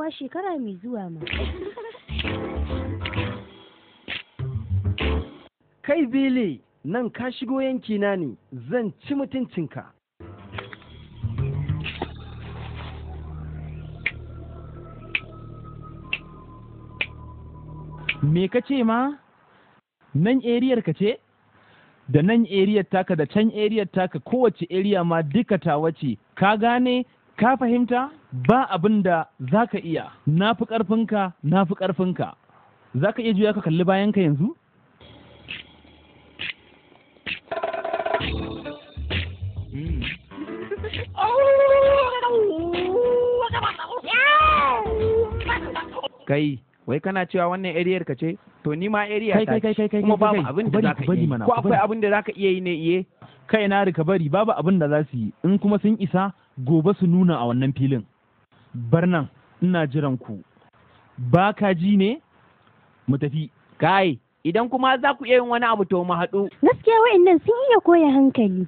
rayuwa shekara mai zuwa ma. Kai bile nan ka shigo yanki na ne, zan ci mutuncinka. Me ka ce ma? Nan eriyar ka ce? da nan eriyar taka da can eriyar taka kowace eriya ma duka tawa ce ka gane ka fahimta ba abin da za ka iya na fi ƙarfinka na fi ƙarfinka za ka iya juya ka kalli bayanka yanzu kai wai kana cewa wannan ariyar ka ce to ni ma area ta kai kai kai kuma babu abin da za zaka yi ko akwai abin da za ka iya yi ne iye kai na rika bari babu abin da za su yi in kuma sun isa gobe su nuna a wannan filin barnan ina jiran ku ba ka ji ne mu tafi kai idan kuma za ku iya yin wani abu to mu haɗu gaskiya wa'annan sun iya koya hankali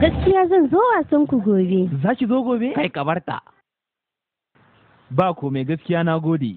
gaskiya zan zo wasan ku gobe za ki zo gobe kai kabarta ba komai gaskiya na gode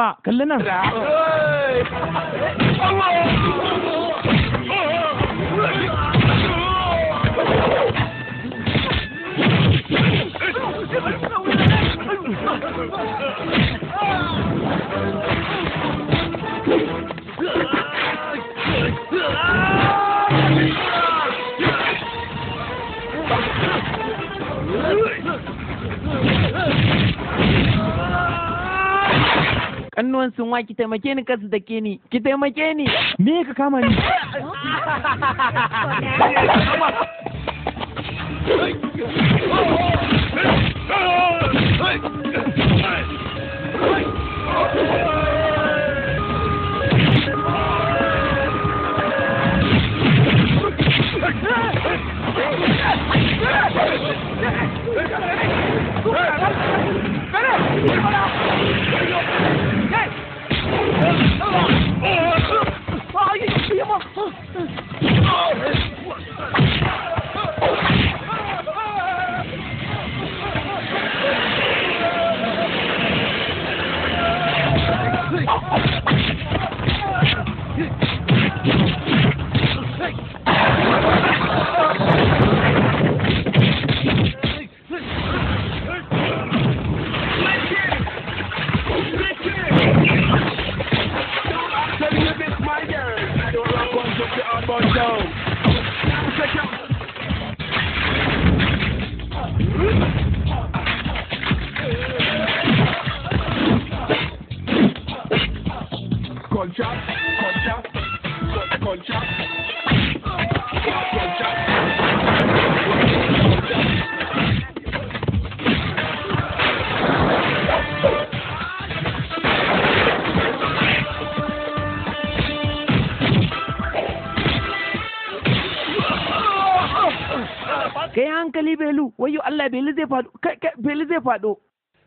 Raghava కళ్యాణ kanwa ki taimake ni kasu dake ni ki taimake ni me ka kama ni Hey! Hayır, yapamam. zai faɗo beli zai faɗo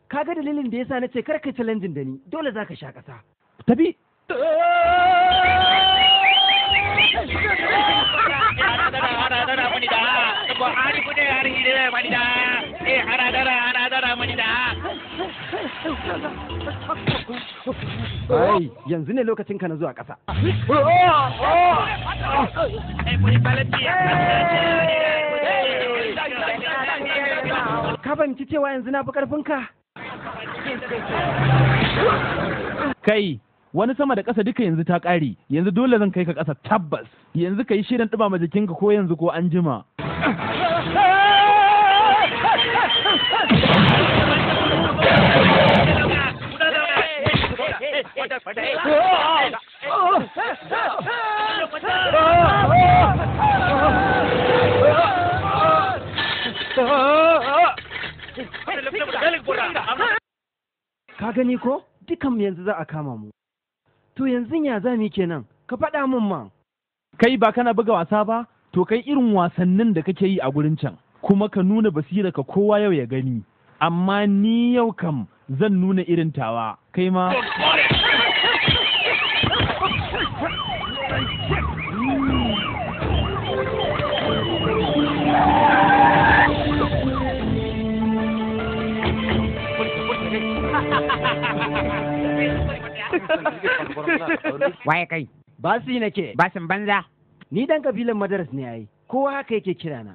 ka ga dalilin da yasa ce kar kai challenge da ni dole zaka sha ƙasa tabi Ai, yanzu ne lokacin ka na zuwa ƙasa. Ka banci cewa yanzu na fi ƙarfinka? Kai, wani sama da ƙasa duka yanzu ta ƙare, yanzu dole zan kai ka ƙasa tabbas. Yanzu ka yi shirin ɗumama jikinka ko yanzu ko an jima. ka gani ko dukan yanzu za a kama mu to yanzu ya za mu kenan ka faɗa min ma kai ba kana buga wasa ba to kai irin wasannin da kake yi a gurin can kuma ka nuna basira ka kowa yau ya gani amma ni yau kam zan nuna irin tawa kai ma waye kai basi nake basin banza ni dan kabilan madaras ne yi, kowa haka yake kira na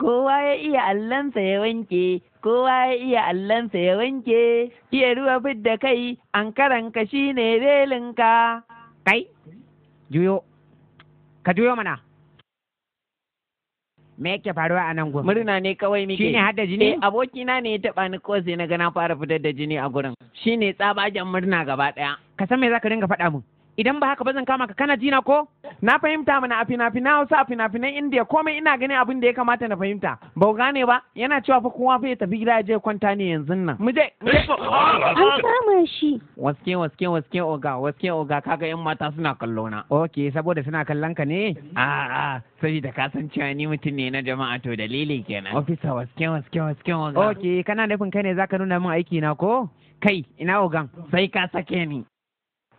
kowa ya iya allansa ya wanke kowa ya iya allansa ya wanke iya ruwa fidda kai an shi shine relinka kai juyo ka juyo mana me yake faruwa a nan gurin murna ne kawai muke shine hada jini eh abokina ne ya taba ni ko sai na ga na fara fitar da jini a gurin shine tsabagen murna gaba daya ka san me zaka ringa faɗa mun idan ba haka ba zan kama ka kana jina ko na fahimta mana a fina-finan hausa a fina-finan indiya komai ina ganin abin da ya kamata na fahimta ba ku gane ba yana cewa fa kowa fa ya tafi gida ya je kwanta ne yanzu nan mu je an kama shi waske waske waske oga waske oga kaga yan mata suna kallo na okay saboda suna kallon ka ne a a saboda ka san cewa ni mutum ne na jama'a to dalili kenan officer waske waske waske oga okay kana nufin kai ne zaka nuna min aiki na ko kai ina ogan sai ka sake ni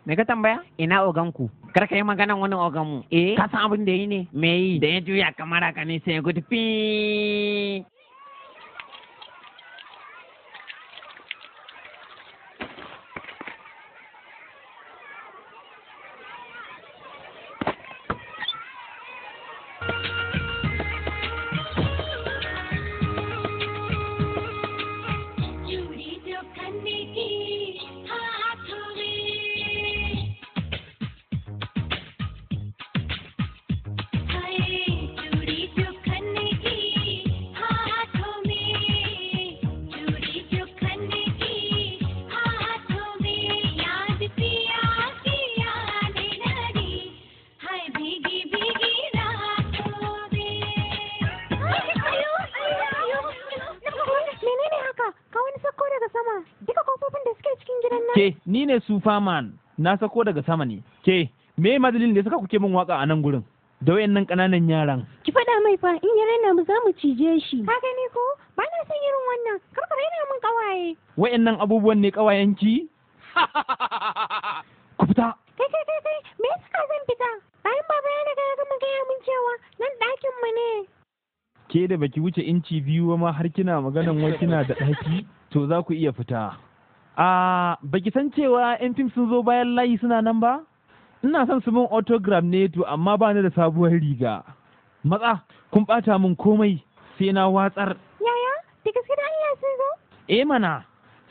Me ka tambaya? Ina oganku. Kar ka yi maganan wani ogan mu. Eh, ka san abin da yi ne? Me yi? Da ya juya kamar haka ne sai ya gudu fi. ne superman na sako daga sama ne ke me madalin da ya saka kuke min waka a nan gurin da wayannan kananan yaran ki faɗa mai fa in ya raina mu za mu cije shi ka gani ko ba na son irin wannan kar ka raina mun kawaye wayannan abubuwan ne kawayenki ku fita kai kai kai kai me yasa zan fita bayan baba ya daga ga mun gaya mun cewa nan ɗakin mu ne ke da baki wuce inci biyu ma har kina maganan wai kina da ɗaki to za ku iya fita a baki san cewa yan fim sun zo bayan layi suna nan ba ina son su min autogram ne to amma ba ni da sabuwar riga matsa kun bata min komai sai na watsar yaya da gaske da Allah sun zo eh mana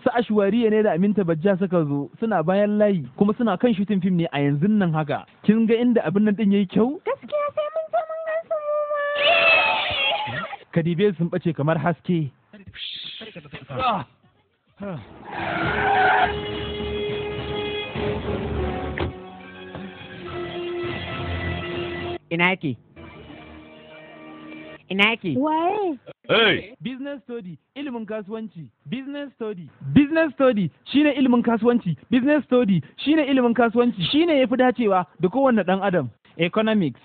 su ashwariya ne da aminta bajja suka zo suna bayan layi kuma suna kan shutin fim ne a yanzu nan haka kin ga inda abin nan din yayi kyau gaskiya sai mun zo mun ga su mu ma kadibe sun bace kamar haske Ina yake? Ina yake? Waye? Hey! Business study, ilimin kasuwanci. Business study. Business study shine ilimin kasuwanci. Business study shine ilimin kasuwanci. Shine fi dacewa da kowanne ɗan adam. Economics.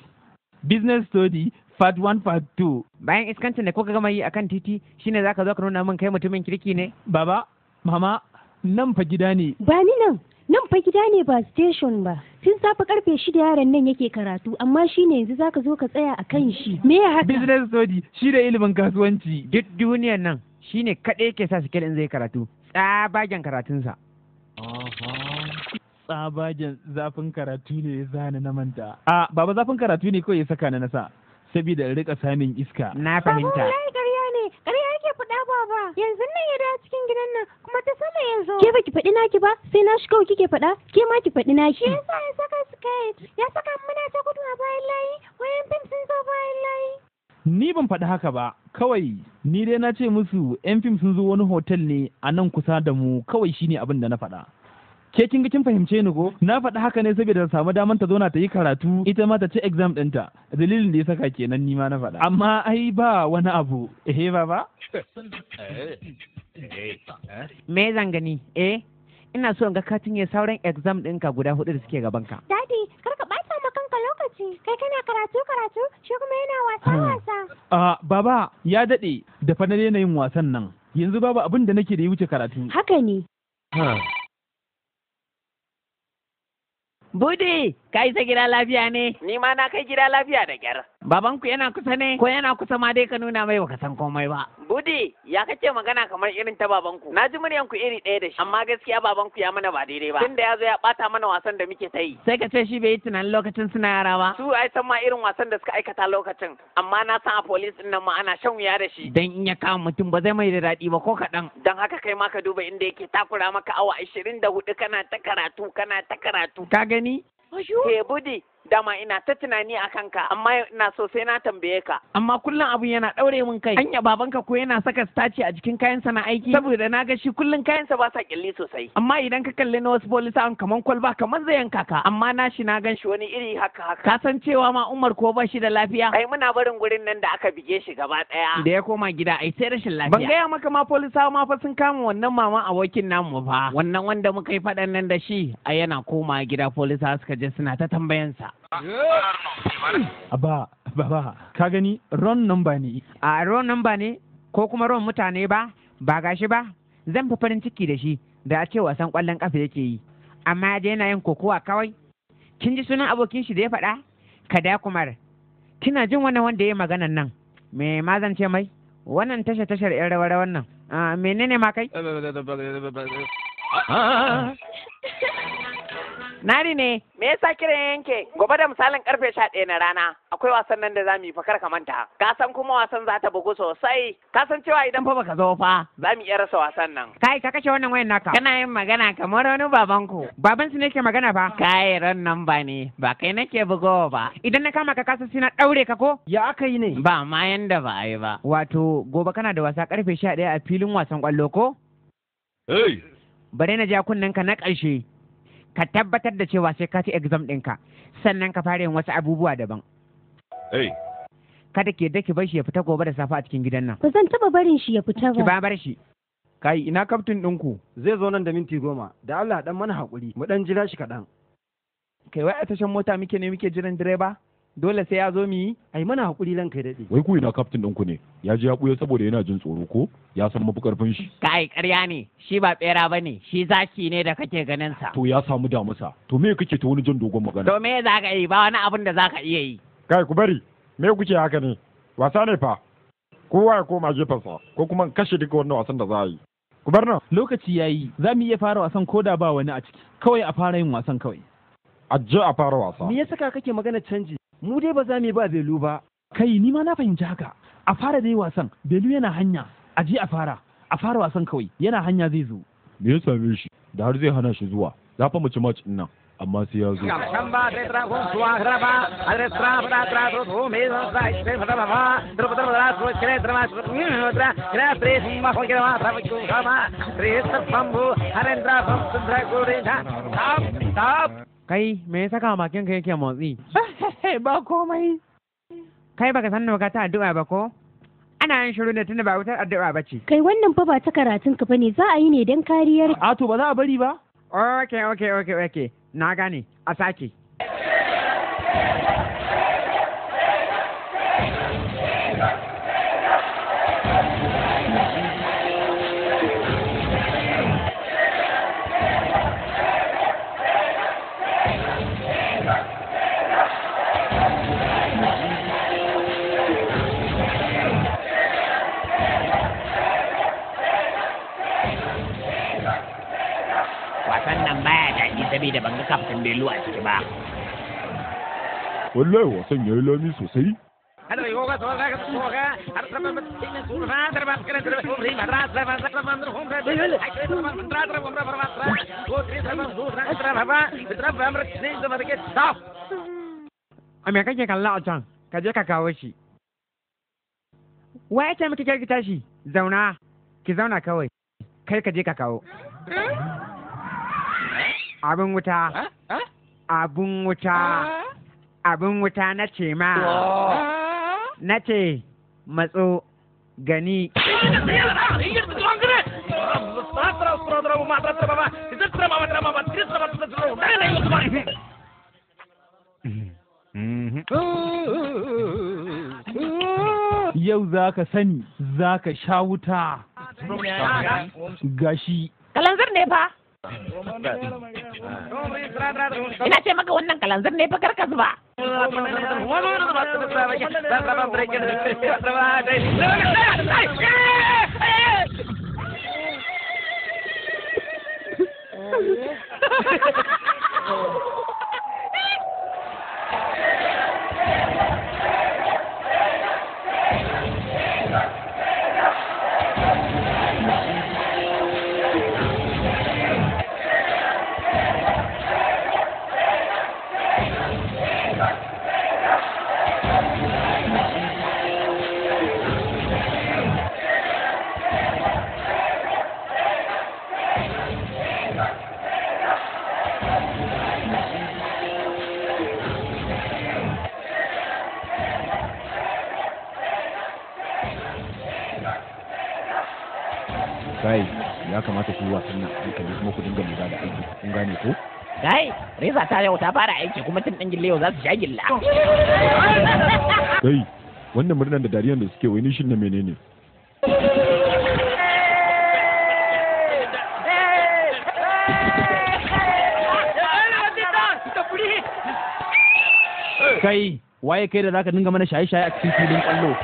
Business study part 1 part 2. Bayan iskancin da kuka gama yi a kan titi shine ka zo ka nuna min kai mutumin kirki ne? Baba, Mama, nan fa gida ne. Ba ni nan, nan fa gida ne ba station ba. Tun safe karfe shida yaran nan yake karatu, amma shi ne yanzu zaka zo ka tsaya a kan shi. Me ya haka? Business study, shi da ilimin kasuwanci. Duk duniyar nan, shi ne kaɗai ke sa sikel zai karatu, tsabagen karatunsa. Tsabagen zafin karatu ne ya zane na manta. A, baba zafin karatu ne kawai ya saka na nasa, sabida rika samun iska. Na fahimta. Babu, ƙarya ne, ƙarya kike faɗa baba? Yanzu nan ya dawo cikin gidan nan kuma ta sama ya zo. Ke baki faɗi naki ba sai na shi kawai kike faɗa ke ma ki faɗi naki. Shi yasa ya saka skirt ya saka muna ta gudu a bayan layi wayan fim sun zo bayan layi. Ni ban faɗi haka ba kawai ni dai na ce musu 'yan fim sun zo wani hotel ne a nan kusa da mu kawai shine abin da na faɗa. ke kin ga kin fahimce ni ko? na faɗi haka ne saboda ta samu daman ta zauna ta yi karatu ita ma ta ci exam ɗinta dalilin da ya saka kenan ni ma na faɗa amma ai ba wani abu ehe ba ba me zan gani eh ina so in ga katin ya sauran exam ɗinka guda hudu da suke gaban ka dadi kar ka ɓata ma kanka lokaci kai kana karatu karatu shi kuma yana wasa hmm. wasa a baba ya daɗe da fa na yin wasan nan yanzu babu abin da nake da ya wuce karatu haka ne Budi, ka isa gida lafiya ne? Ni ma na kai gida lafiya da gyar. Babanku yana kusa ne? Ko yana kusa ma dai ka nuna mai baka san komai ba. Budi, ya kace magana kamar irin ta babanku. Na ji muryanku iri ɗaya da shi, amma gaskiya babanku ya mana ba daidai ba. Tunda ya zo ya ɓata mana wasan da muke ta yi. Sai ka ce shi bai yi tunanin lokacin suna yara ba. Su ai san ma irin wasan da suka aikata lokacin, amma na san a police ɗin nan ma ana shan wuya da shi. Dan in ya kama mutum ba zai mai da daɗi ba ko kaɗan. Dan haka kai ma ka duba inda yake takura maka awa ashirin da hudu kana ta karatu kana ta karatu. Ka gani wani? bude. dama ina ta tunani a kanka amma ina so sai na tambaye ka amma kullum abun yana ɗaure min kai anya babanka ko yana saka staci a jikin sa na aiki saboda na ga shi kullum kayansa ba sa kyalli sosai amma idan ka kalli na wasu an kaman kwalba kaman zai yanka amma na shi na gan shi wani iri haka haka ka san cewa ma Umar ko ba shi da lafiya ai muna barin gurin nan da aka bige shi gaba ɗaya? da ya koma gida ai sai rashin lafiya ban gaya maka ma polisawa ma fa sun kama wannan mama abokin namu fa wannan wanda muka yi faɗan nan da shi a yana koma gida polisawa suka je suna ta tambayansa Aba, ba, ka gani ron number ne. A ron number ne ko kuma ron mutane ba, ba gashi ba, zan fi farin ciki da shi da a ce wasan kwallon ƙafa yake yi. Amma da yana yin kokowa kawai. Kin ji sunan abokin shi da ya faɗa? Kada kumar. Kina jin wannan wanda ya yi maganan nan. Me ma zan ce mai? Wannan tashar tashar 'yan rawa wannan, nan. Ah, menene ma kai? Nari ne, me yasa kiran yanke? Gobe da misalin karfe sha ɗaya na rana, akwai wasan nan da za mu yi fakar ka manta. Ka san kuma wasan za ta bugu sosai. Ka san cewa idan fa baka zo fa, za mu iya rasa wasan nan. Kai ka kashe wannan wayan naka. Kana yin magana kamar wani babanku. Baban su nake magana ba. Kai ran nan ba ne, ba kai nake bugo ba. Idan na kama ka kasa sai na ɗaure ka ko? Ya aka yi ne. Ba ma yanda ba a yi ba. Wato gobe kana da wasa karfe sha ɗaya a filin wasan kwallo ko? Hey. Bare na ja kunnen ka na ƙarshe. ka tabbatar da cewa sai ka ci exam ɗinka sannan ka fara yin wasu abubuwa daban. Kada ke daki bar shi ya fita gobe da safe a cikin gidan nan. Ba zan taba barin shi ya fita ba. Ki ba bar shi. Kai ina kaftin ɗinku. Zai zo nan da minti goma da Allah dan mana haƙuri mu dan jira shi kaɗan. Kai wai a tashan mota muke ne muke jiran direba? dole sai ya zo mu yi ai mana hakuri lan kai dade wai ku ina captain ɗinku ne ya je ya buya saboda yana jin tsoro ko ya san mafi karfin shi kai ƙarya ne shi ba bera bane shi zaki ne da kake ganin sa to ya samu damusa to me kake ta wani jin dogon magana to me za ka yi ba wani abin da za ka iya yi kai ku bari me kuke haka ne wasa ne fa kowa ya koma sa? ko kuma kashe duka wannan wasan da za a yi ku bar nan lokaci yayi za mu iya fara wasan ko da ba wani a ciki kawai a fara yin wasan kawai a je a fara wasa me yasa kake magana canji mu dai ba za mu yi ba belu ba kai ni ma na fahimci haka a fara dai wasan belu yana hanya a je a fara a fara wasan kawai yana hanya zai zo me ya same shi da har zai hana shi zuwa za fa mu ci match nan amma sai ya zo kai me ya saka makin ka yake motsi ba komai kai baka san nawa ta addu'a ba ko ana yin shiru ne tunda ba wutar addu'a ba ce kai wannan fa ba ta karatun ka bane za a yi ne dan kariyar a to ba za a bari ba okay okay okay okay na gane a sake wannan baya daɗi saboda ban ga kaftin Bello a ciki ba. Wallahi wasan ya yi lami sosai. A me kake kalla a can, ka kawo shi. Wa ce muke kirkita shi, zauna, ki zauna kawai, kai ka ka kawo. Abin wuta. Ah, ah. Abin wuta. Ah. Abin wuta na ce ma. Na ce matso gani. Yau za ka sani za ka sha wuta gashi. Kalanzar ne fa. ina ce maka wannan kalanzir ne fa karka zuba Oh. kamata ku yi wasan nan hankali kuma ku dinga lura da aiki kun gane ko kai reza ta yau ta fara aiki kuma tun dan gille yau za su sha gilla kai wannan murnan da dariyan da suke wani shin na menene kai waye kai da zaka dinga mana shaye-shaye a cikin filin kwallo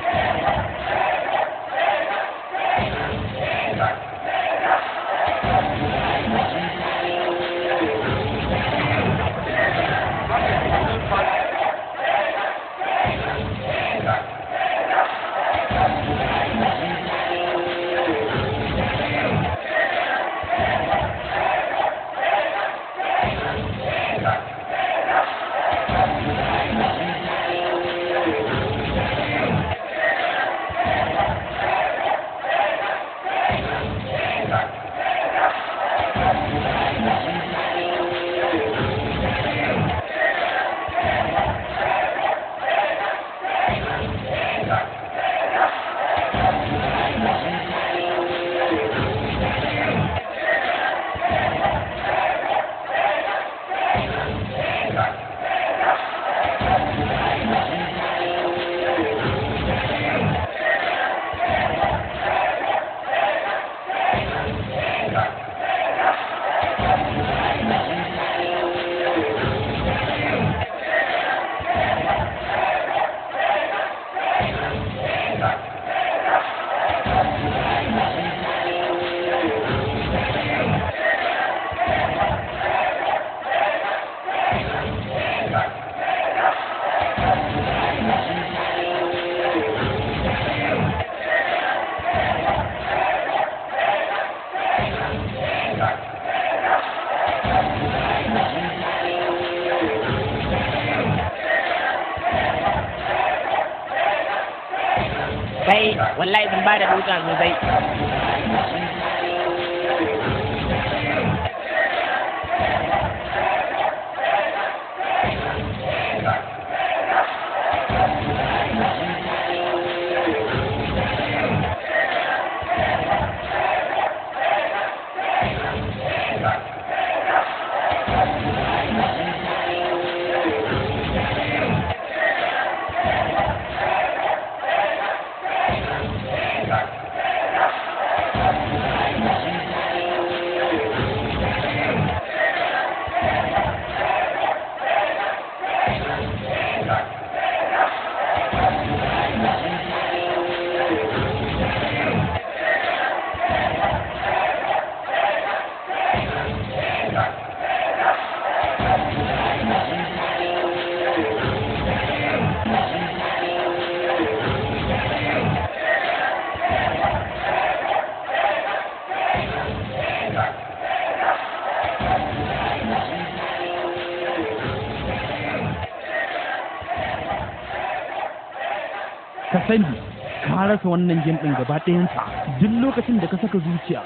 rasa wannan game din gaba ɗayanta duk lokacin da ka saka zuciya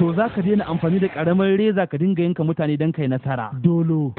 to za ka daina amfani da ƙaramar reza ka dinga yanka mutane don kai nasara dolo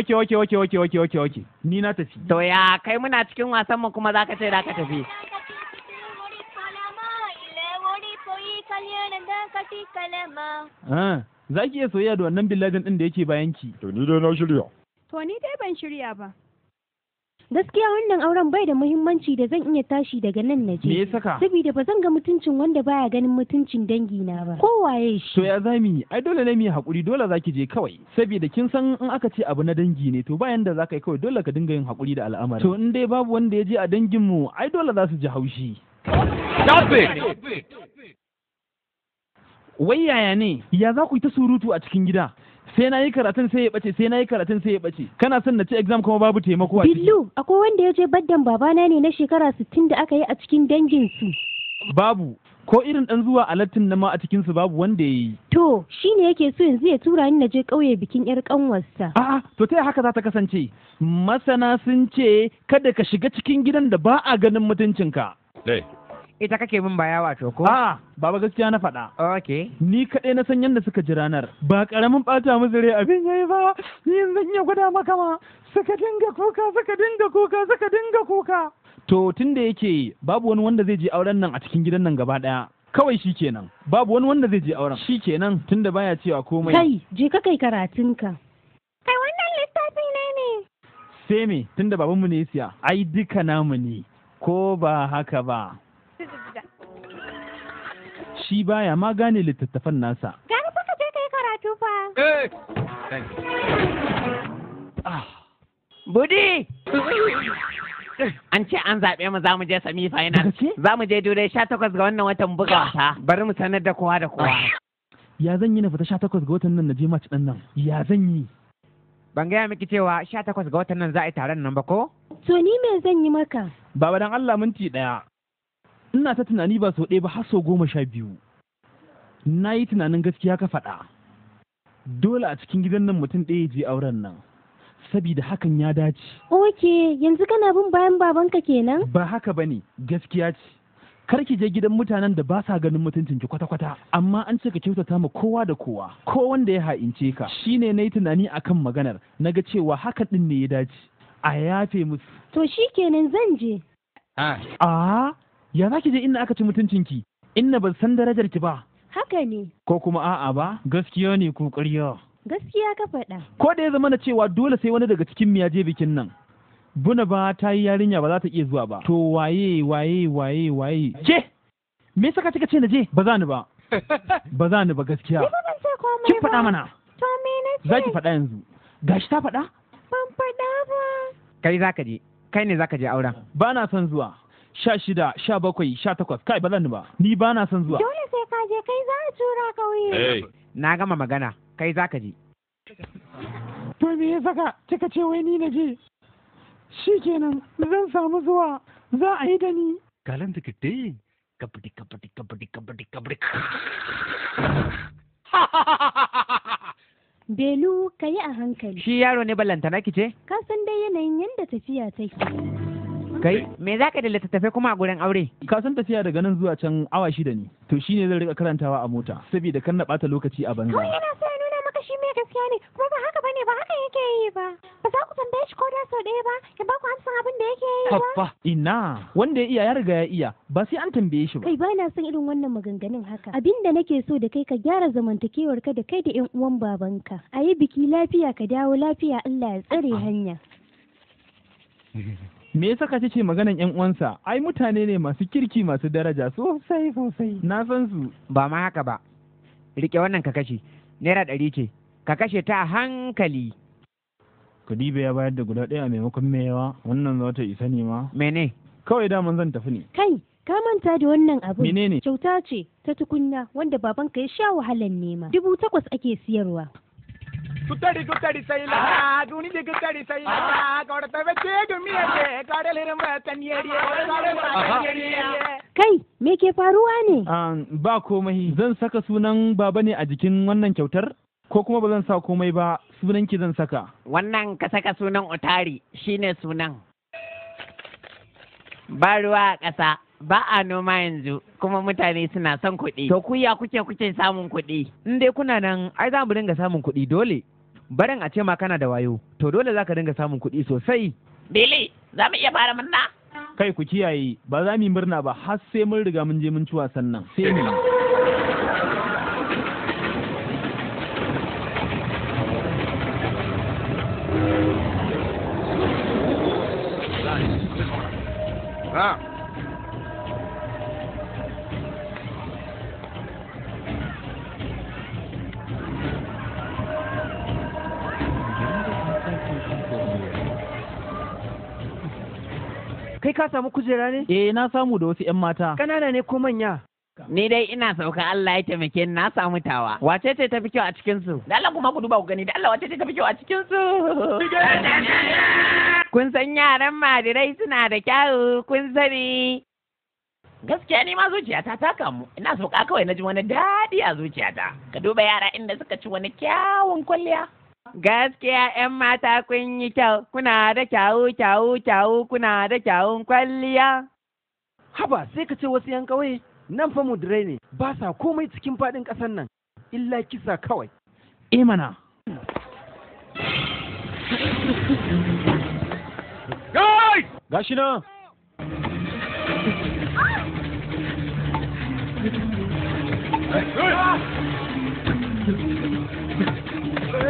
oke oke oke oke oke oke oke ni na tafi to ya kai muna cikin wasan mu kuma zaka ce zaka tafi ah, za ki iya soyayya da wannan billajin din da yake bayan ki to ni dai na shirya to ni dai ban shirya ba gaskiya wannan auren bai da muhimmanci da zan iya tashi daga nan na je me ya saka saboda ba zan ga mutuncin wanda baya ganin mutuncin dangi na ba Ko waye shi to ya zami ai dole ne mu hakuri dole zaki je kawai saboda kin san in aka ce abu na dangi ne to bayan da zaka yi kawai dole ka dinga yin hakuri da al'amari to in dai babu wanda ya je a dangin mu ai dole za su ji haushi Wai yaya ne, ya za ku yi ta surutu a cikin gida? sai na yi karatun sai ya bace sai na yi karatun sai ya bace kana son na ci exam kuma babu taimako a billu akwai wanda ya je baddan babana ne na shekara sittin da aka yi a cikin dangin su babu ko irin dan zuwa alattin na ma a cikin su babu wanda ya yi to shine yake so yanzu ya tura ni na je kauye bikin yar kanwarsa a'a to ta haka za ta kasance masana sun ce kada ka shiga cikin gidan da ba a ganin mutuncinka dai ita kake min baya wato ko a'a baba gaskiya na faɗa okay ni kaɗai na san yadda suka ji ranar ba ƙaramin ɓata musu rai abin yayi ba ni zan iya gwada maka ma suka dinga kuka suka dinga kuka suka dinga kuka to tun da yake babu wani wanda zai je auren nan a cikin gidan nan gaba ɗaya kawai shi kenan babu wani wanda zai je auren shi kenan da baya cewa komai kai je ka kai karatunka kai wannan littafi ne ne sai me tun da babanmu ne ya siya ai duka namu ne ko ba haka ba shi baya ma gane littattafan nasa. Gani kuka je ka yi karatu fa. Eh! Ah. Budi! An ce an zaɓe mu za mu je sami final. Za mu je durai sha takwas ga wannan watan buga ah. wasa. Bari mu sanar da kowa da kowa. Ah. Ya zan yi na fita sha takwas ga watan nan na je match ɗin nan. Ya zan yi. Ban gaya miki cewa sha takwas ga watan nan za a yi taron nan ba ko? To ni me zan yi maka? Baba dan Allah minti ɗaya. ina ta tunani ba sau ɗaya ba har sau goma sha biyu na yi tunanin gaskiya ka faɗa dole a cikin gidan nan mutum ɗaya je auren nan sabida hakan ya dace oke yanzu kana bin bayan babanka kenan ba haka bane gaskiya ce kar ki je gidan mutanen da ba sa ganin mutuncin ki kwata-kwata amma an ce ka kyautata ma kowa da kowa ko wanda ya ha'ince ka Shi ne na yi tunani akan maganar na ga cewa haka ɗin ne ya dace a yafe musu to shi kenan zan je a ah. ah? ya za ki je inda aka ci mutuncinki inda ba san darajar ki ba haka ne ko kuma a'a ba gaskiya ne ko ƙarya gaskiya ka faɗa ko da ya zama na cewa dole sai wani daga cikin miya je bikin nan buna ba ta yi yarinya ba za ta iya zuwa ba to waye waye waye waye ke me yasa ka ce na je ba za ni ba ba za ni ba gaskiya ki faɗa mana to me na ce za ki faɗa yanzu gashi ta faɗa ban faɗa ba kai za ka je kai ne za ka je auren ba na son zuwa sha shida sha bakwai sha takwas kai ba zan ba ni ba na son zuwa dole sai ka je kai za a tura kauye eh. na gama magana kai za ka je to me ya saka kika ce wai ni na je shikenan zan samu zuwa za a yi da ni kitte kabaddi கபடி கபடி கபடி kabaddi Belu ka yi a hankali. Shi yaro ne na ki ce? Ka san dai yanayin yadda tafiya take. Kai? Me za ka da littattafai kuma a gurin aure? Ka san tafiya daga nan zuwa can awa shida ne. To shine zan rika karantawa a mota saboda kan na bata lokaci a banza. Kawai yana so ya nuna maka shi mai gaskiya ne kuma ba haka bane ba haka yake yi ba. Ba za ku tambaye shi ko da sau ɗaya ba ya ba ku amsan abin da yake yi ba. Haffa ina wanda ya iya ya riga ya iya ba sai an tambaye shi ba. Kai ba na son irin wannan maganganun haka. Abin da nake so da kai ka gyara zamantakewar ka da kai da 'yan uwan babanka. A yi biki lafiya ka dawo lafiya Allah ya tsare hanya. me yasa ka ce maganan ƴan uwansa ai mutane ne masu kirki masu daraja sosai sosai na san su ba ma haka ba rike wannan ka kashe naira ɗari ce ka kashe ta hankali kadiba ya bayar da guda ɗaya maimakon mewa wannan za ta isa ne ma mene kawai daman zan tafi ne kai ka manta da wannan abu menene kyauta ce ta tukunna wanda babanka ya sha wahalar nema dubu takwas ake siyarwa குத்தடி குத்தடி சைலா குனிஞ்சு குத்தடி சைலா கொடத்தை வச்சு கும்மியடியே கடல் இரும்ப தண்ணி அடியே kai me ke faruwa ne ba komai zan saka sunan baba ne a jikin wannan kyautar ko kuma ba zan sa komai ba sunan ki zan saka wannan ka saka sunan otari shine sunan ba ruwa a ƙasa ba a noma yanzu kuma mutane suna son kuɗi. To ku ya kuke kuke samun kuɗi? In dai kuna nan ai za mu dinga samun kuɗi dole. Barin a ce ma kana da wayo, to dole za ka dinga samun kuɗi sosai. Bele, za mu iya fara murna? Kai ku kiyaye, ba za mu yi murna ba har sai mun riga mun je mun ci wasan nan. Sai mu. Ah. Kai ka samu kujera ne? Eh na samu da wasu 'yan mata. Kanana ne ko manya? Ni dai ina sauka Allah ya taimake ni na samu tawa. Wace ce tafi kyau a cikin su? Da Allah kuma ku duba ku gani da Allah wace ce tafi kyau a cikin su? Kun san yaran madirai suna da kyau kun sani. Gaskiya ni ma zuciyata ta kamu ina sauka kawai na ji wani daɗi a zuciyata. Ka duba yara inda suka ci wani kyawun kwalliya. Gaskiya ‘yan mata kun yi kyau, kuna da kyawu kyawu kyawu kuna da kyawun kwalliya. Haba sai ka ce wasu ‘yan ƙauye nan fa mudirai ne ba sa komai cikin faɗin ƙasar nan, illa kisa kawai. Imana. E Gai! Gashi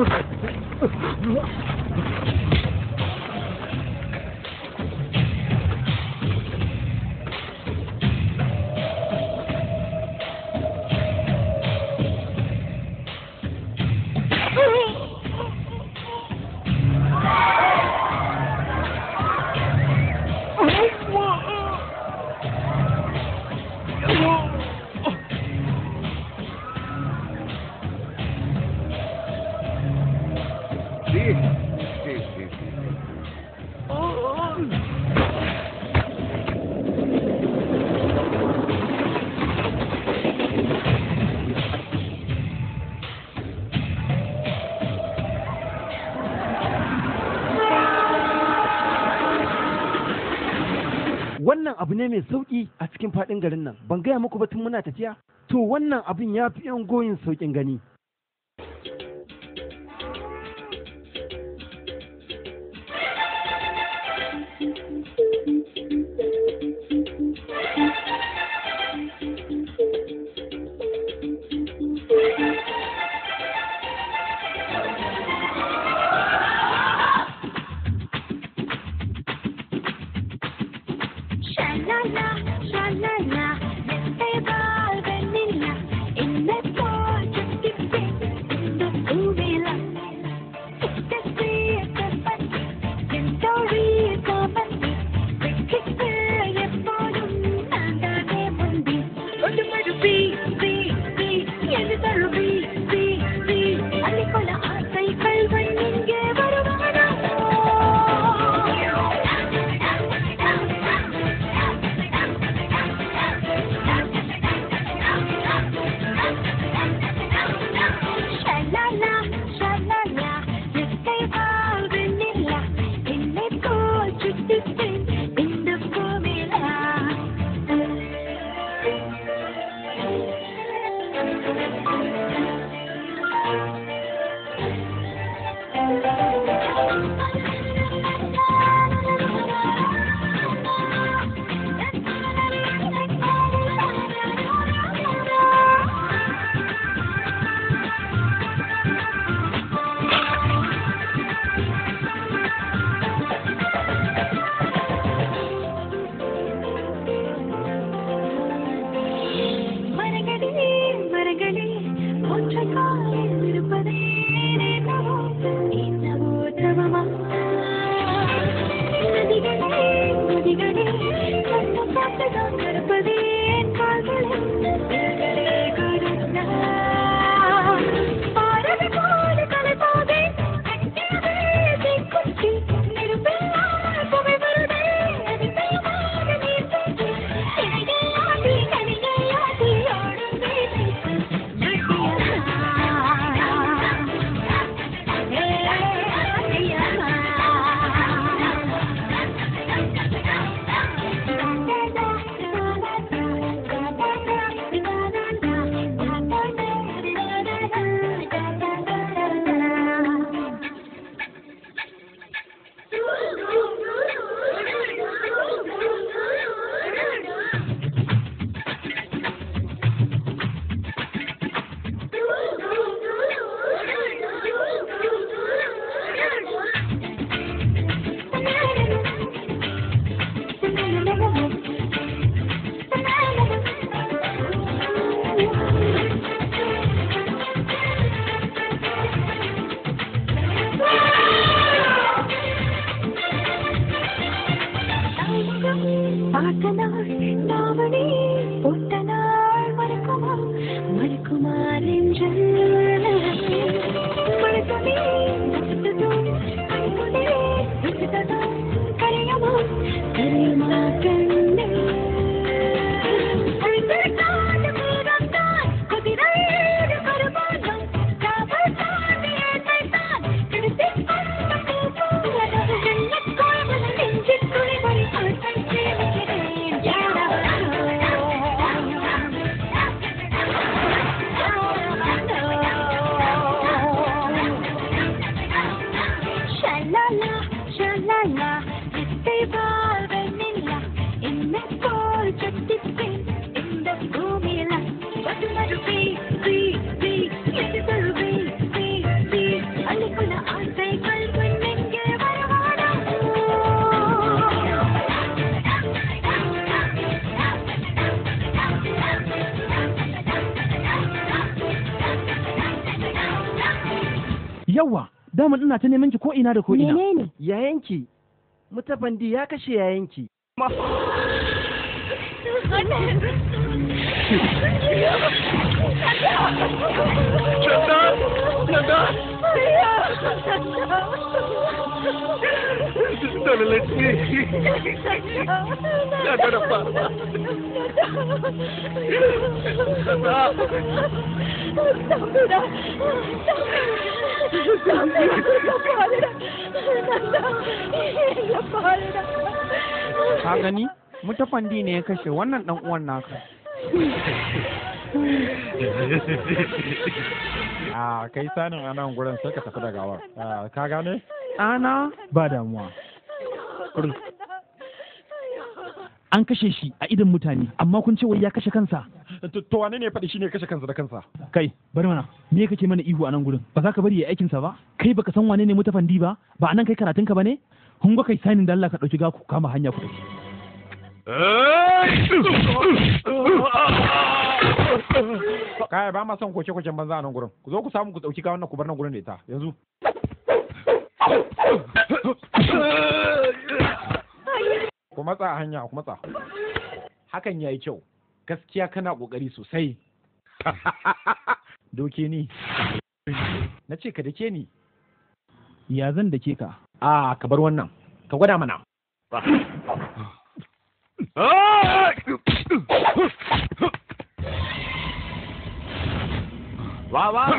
う わ abu ne mai sauki a cikin faɗin garin nan ban gaya muku ba tun muna tafiya to wannan abin ya fi yan goyin saukin gani na ta neman ki ko ina da ko ina menene yayanki mutafandi ya kashe yayanki Tanda! Dona Letícia. A Ka gani? Mutafandi ne ya kashe wannan ɗan uwan naka. a ah, kai sanin anan gurin sai ka tafi da gawar ah, ka gane ɗana ba damuwa an kashe shi a idan mutane amma kun ce wai ya kashe kansa to wane ne faɗi shine kashe kansa da kansa kai bari mana me kake mana ihu a nan gurin ba za ka bari ya aikinsa ba kai baka san wane ne mutafandi ba ba a nan kai karatun ka ne? hun kai sanin da Allah ka dauki gaku kama hanya ku dauki ba ma son koke-koken banza a nan gurin ku zo ku samu ku ɗauki gawan nan ku bar nan gurin da ita yanzu ku matsa a hanya ku matsa hakan ya yi kyau gaskiya kana ƙoƙari sosai doke ni na ce ka dake ni ya zan dake ka a ka bar wannan ka gwada mana Wow, wow.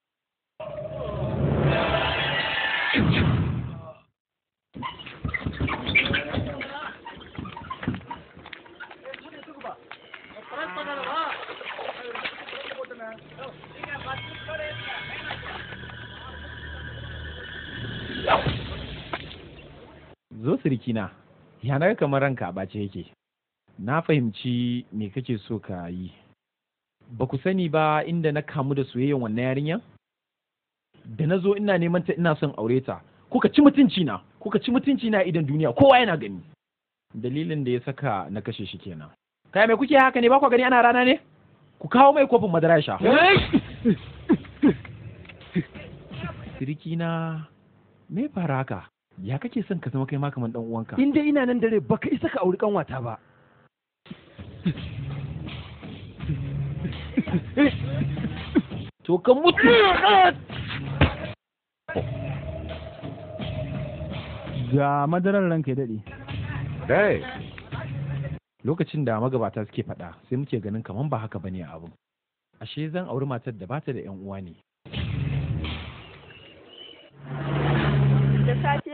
na ya naga kamar ranka a bace yake na fahimci me kake so ka yi ba ku sani ba inda na kamu da soyayyan wannan yarinya da na zo ina neman ta ina son aure ta kuka ci mutunci na kuka ci mutunci na idan duniya kowa yana gani dalilin da ya saka na kashe shi kenan kai mai kuke haka ne ba ku gani ana rana ne ku kawo mai kofin madara sha sirikina me fara haka ya kake son ka zama kai ma kamar dan uwanka in dai ina nan dare baka isa ka auri kanwata ba to ka mutu ga madarar ranka ya dade. dai lokacin da magabata suke faɗa sai muke ganin kamar ba haka bane a abin ashe zan auri matar da bata da yan uwa ne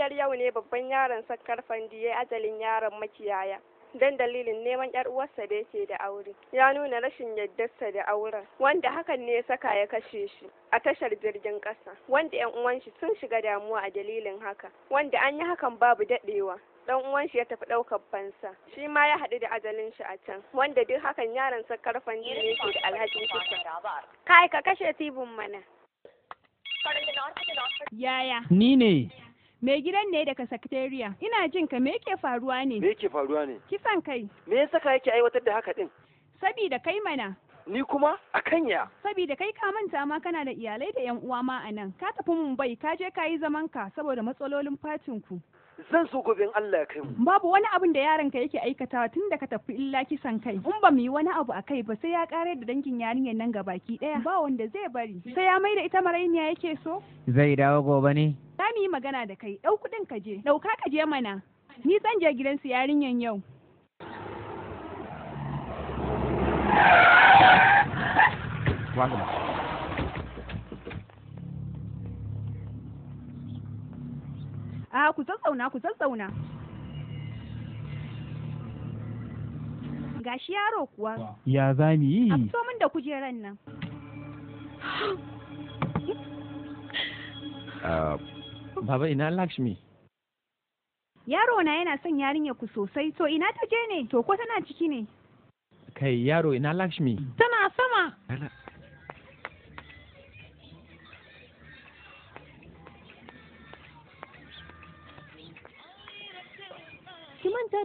har yau ne babban yaron sakkar fandi ya ajalin yaron makiyaya don dalilin neman yar uwarsa da yake da aure ya nuna rashin yardarsa da auren wanda hakan ne ya saka ya kashe shi a tashar jirgin ƙasa wanda yan uwan shi sun shiga damuwa a dalilin haka wanda an yi hakan babu daɗewa dan uwan shi ya tafi ɗaukar fansa shi ma ya haɗu da ajalin shi a can wanda duk hakan yaron sakkar fandi ne yake da Alhaji kai ka kashe tibun mana Yaya. Ni ne. Mai gidan ne daga sakteriya. Ina jin ka me yake faruwa ne? Me yake faruwa ne? Kisan kai. Me yasa ka yake aiwatar da haka din? Sabida kai mana. Ni kuma a kanya. Sabida kai ka manta ma kana da iyalai da yan uwa ma a nan. Ka tafi mun bai ka je ka yi zaman ka saboda matsalolin fatin ku. zan so gobe Allah ya kai mu babu wani abin da yaron ka yake aikatawa tun da ka tafi illa kisan kai in ba mu yi wani abu a kai ba sai ya kare da dangin yarinyar nan gabaki ɗaya. ba wanda zai bari sai ya mai da ita marainiya yake so zai dawo gobe ne za mu yi magana da kai ɗau kuɗin ka je ɗauka ka je mana ni zan je gidan su yarinyan yau a ku zazzauna ku zazzauna gashi yaro kuwa ya za mu yi a min da kujeran nan ah, baba ina lakshmi yaro na yana son yarinya ku sosai to ina ta je ne to ko tana ciki ne kai yaro ina lakshmi tana sama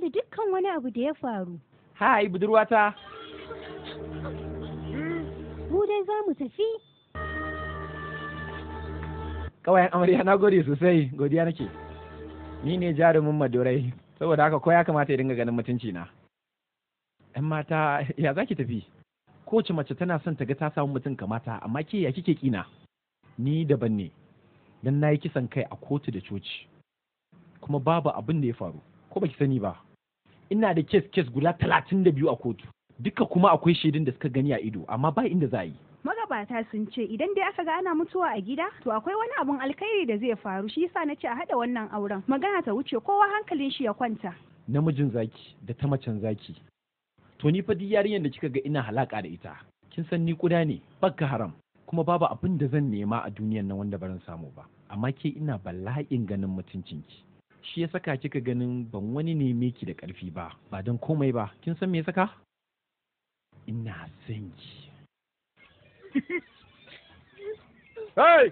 da dukkan wani abu da ya faru. Hai budurwata. Mu dai za mu tafi. Kawayen amarya na gode sosai, godiya nake. Ni ne jarumin madurai, saboda haka ko ya kamata ya dinga ganin mutunci na. ‘Yan mata, ya za ki tafi? Kowace mace tana son ta ga ta samu mutum kamata, amma ke ya kike kina? Ni daban ne, don na yi kisan kai a kotu da coci, kuma babu abin da ya faru, ko baki sani ba. ina da kes kes guda talatin da biyu a kotu duka kuma akwai shaidun da suka gani a ido amma ba inda za a yi magabata sun ce idan dai aka ga ana mutuwa a gida to akwai wani abun alkhairi da zai faru shi yasa na ce a haɗa wannan auren magana ta wuce kowa hankalin shi ya kwanta namijin zaki da ta macen zaki to ni fa duk yarinyar da kika ga ina halaka da ita kin san ni kuda ne bakka haram kuma babu abin da zan nema a duniyar nan wanda barin samu ba amma ke ina bala'in ganin mutuncinki shi ya saka kika ganin ban wani neme ki da ƙarfi ba ba don komai ba kin san me ya saka ina son ki hey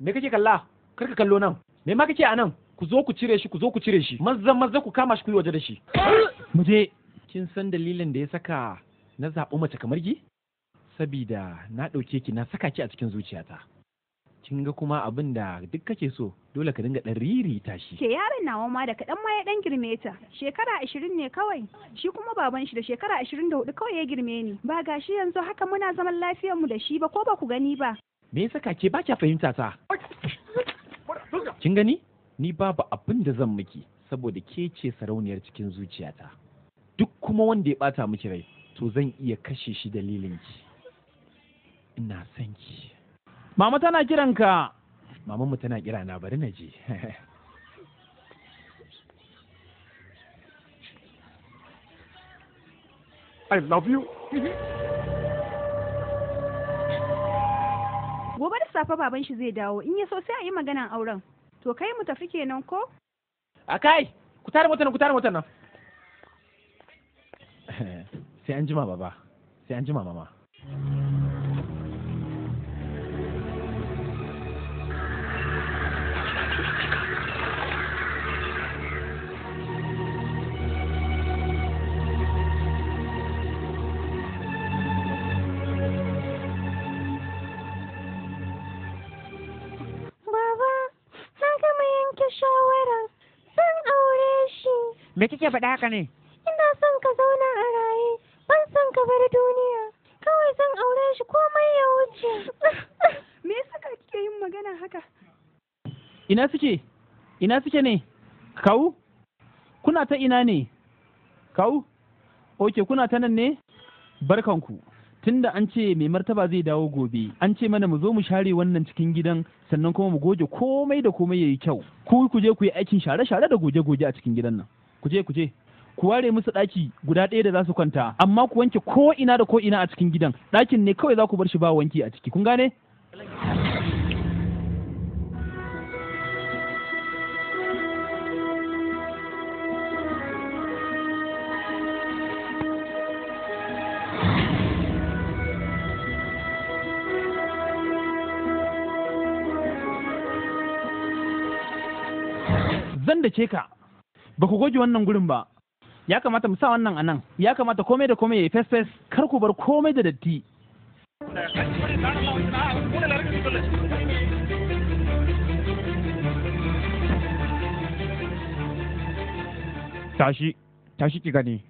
me kake kalla kar ka kallo nan me ma kake a nan ku zo ku cire shi ku zo ku cire shi maza maza ku kama shi ku yi waje da shi mu je kin san dalilin da ya saka na zaɓi mace kamar ki sabida na ɗauke ki na saka ki a cikin zuciyata kin ga kuma abin da duk kake so dole ka dinga dan ta shi ke yaron nawa ma da kaɗan ma ya dan girme ta shekara ashirin ne kawai shi kuma baban shi da shekara ashirin da kawai ya girme ni ba gashi yanzu haka muna zaman lafiyar mu da shi ba ko ba ku gani ba me yasa kake ba kya fahimta ta kin gani ni babu abin da zan miki saboda ke ce sarauniyar cikin zuciyata duk kuma wanda ya bata miki rai to zan iya kashe shi dalilin ki ina son ki mama tana kiranka mamanmu tana kira na bari na je I love you. Gobe da safe baban shi zai dawo in ya so sai a yi magana auren. To kai mu tafi kenan ko? A kai, ku tare nan, ku tare mota nan. Sai an jima baba, sai an jima mama. me kike faɗa haka ne ina son ka zauna a raye ban son ka bar duniya kawai zan aure shi komai ya wuce me yasa ka yin magana haka ina suke ina suke ne kau kuna ta ina ne kau oke kuna ta nan ne barkanku tunda an ce mai martaba zai dawo gobe an ce mana mu zo mu share wannan cikin gidan sannan kuma mu goge komai da komai yayi kyau ku ku je ku yi aikin share-share da goge-goge a cikin gidan nan ku je ku je ku ware musu ɗaki guda ɗaya da za su kwanta amma ku wanke ko ina da ko ina a cikin gidan ɗakin ne kawai za ku bar shi ba wanki a ciki kun gane zan da ce ka ba ku goge wannan gurin ba ya kamata mu sa wannan anan ya kamata komai da komai ya fes fes kar ku bar komai da datti tashi tashi ki gani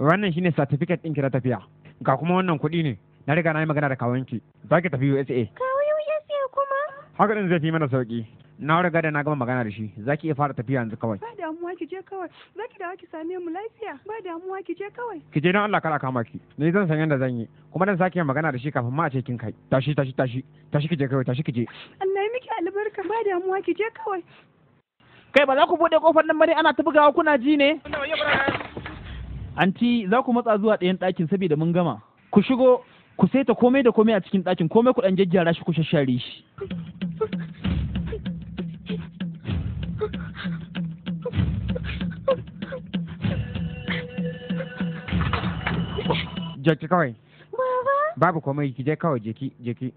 wannan shine certificate ki na tafiya ga kuma wannan kuɗi ne na riga na yi magana da kawanki za ki tafi USA. Kawo USA kuma? Haka ɗin zai fi mana sauƙi. na riga da na gama magana da shi zaki iya fara tafiya yanzu kawai ba damuwa ki je kawai zaki dawo ki same mu lafiya ba damuwa ki je kawai ki je don Allah kar a kama ki ni zan san yanda zan yi kuma dan sake magana da shi kafin ma a ce kin kai tashi tashi tashi tashi ki je kawai tashi ki je Allah ya miki albarka ba damuwa ki je kawai kai ba za ku bude kofar nan bare ana ta bugawa kuna ji ne anti za ku matsa zuwa ɗayan ɗakin saboda mun gama ku shigo ku saita komai da komai a cikin ɗakin komai ku ɗan jajjara shi ku shashare shi Jaki kawai. Babu komai ki je kawai jeki jeki.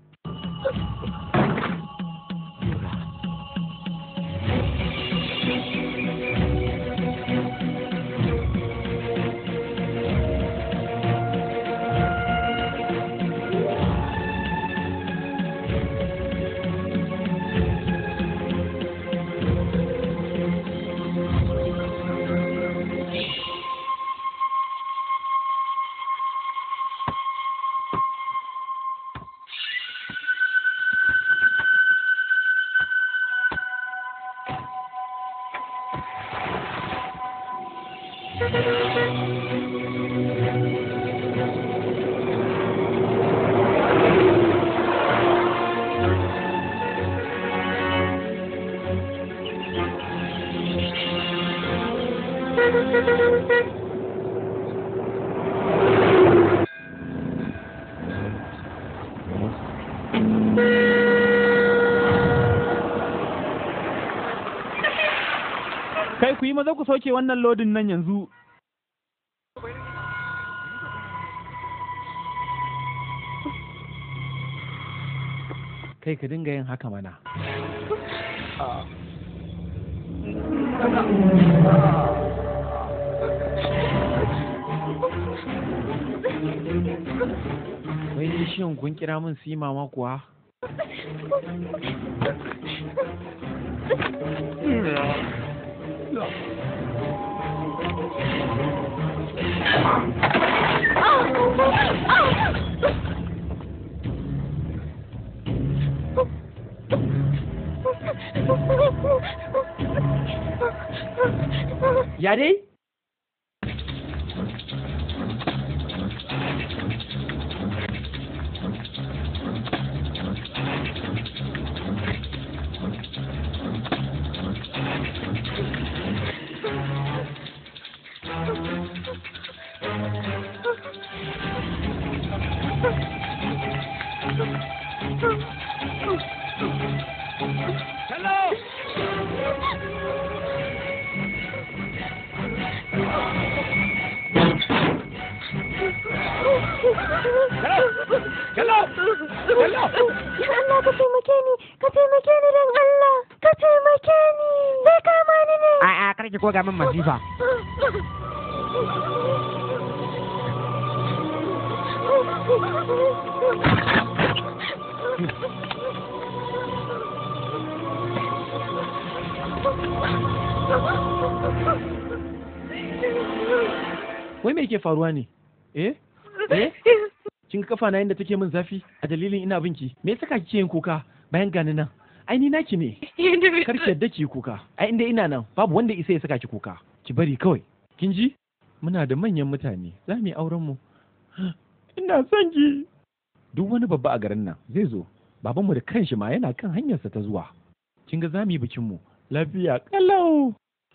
Kuma za ku sauke wannan lodin nan yanzu kai ka dinga yin haka mana wai ne shin kun kira min su yi mama kuwa Yeah. やれ faruwa ne eh eh kin kafa na yadda take min zafi a dalilin ina binki me yasa kake yin kuka bayan gani nan ai ni naki ne karki ki yadda ki kuka ai inda ina nan babu wanda isa ya saka ki kuka ki bari kawai kin ji muna da manyan mutane za mu yi auren mu ina son ki duk wani babba a garin nan zai zo baban mu da kanshi ma yana kan hanyarsa ta zuwa kin ga za mu yi bikin mu lafiya kalau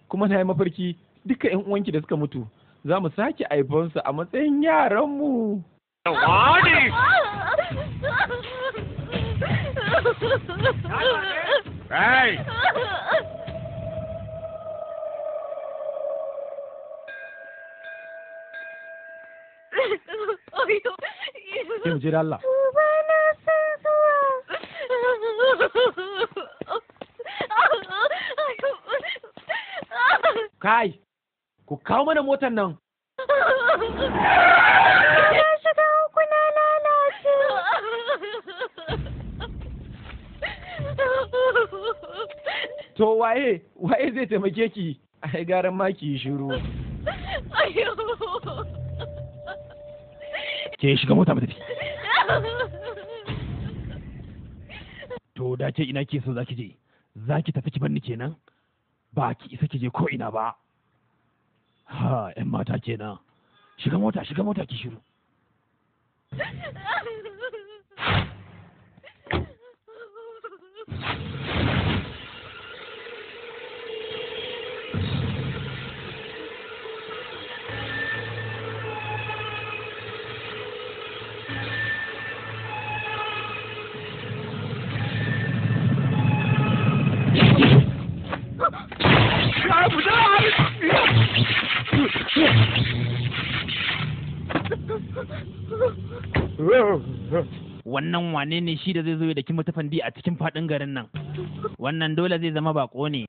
kuma na yi mafarki duka yan uwanki da suka mutu za mu sake aifansu a matsayin yaranmu. mu Kai! ku kawo mana motar nan to waye waye zai taimake ki ai garan ma ki shiru ke shiga mota mata to da ina ke so zaki je zaki tafi ki banni kenan ba ki isa ki je ko ina ba 嗨呀马大姐呢谁跟我跳谁跟我跳继续录这个这个这个 Wannan wane ne shi da zai zo da daki mutafan a cikin faɗin garin nan? Wannan dole zai zama bako ne.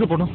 எங்க போகணும்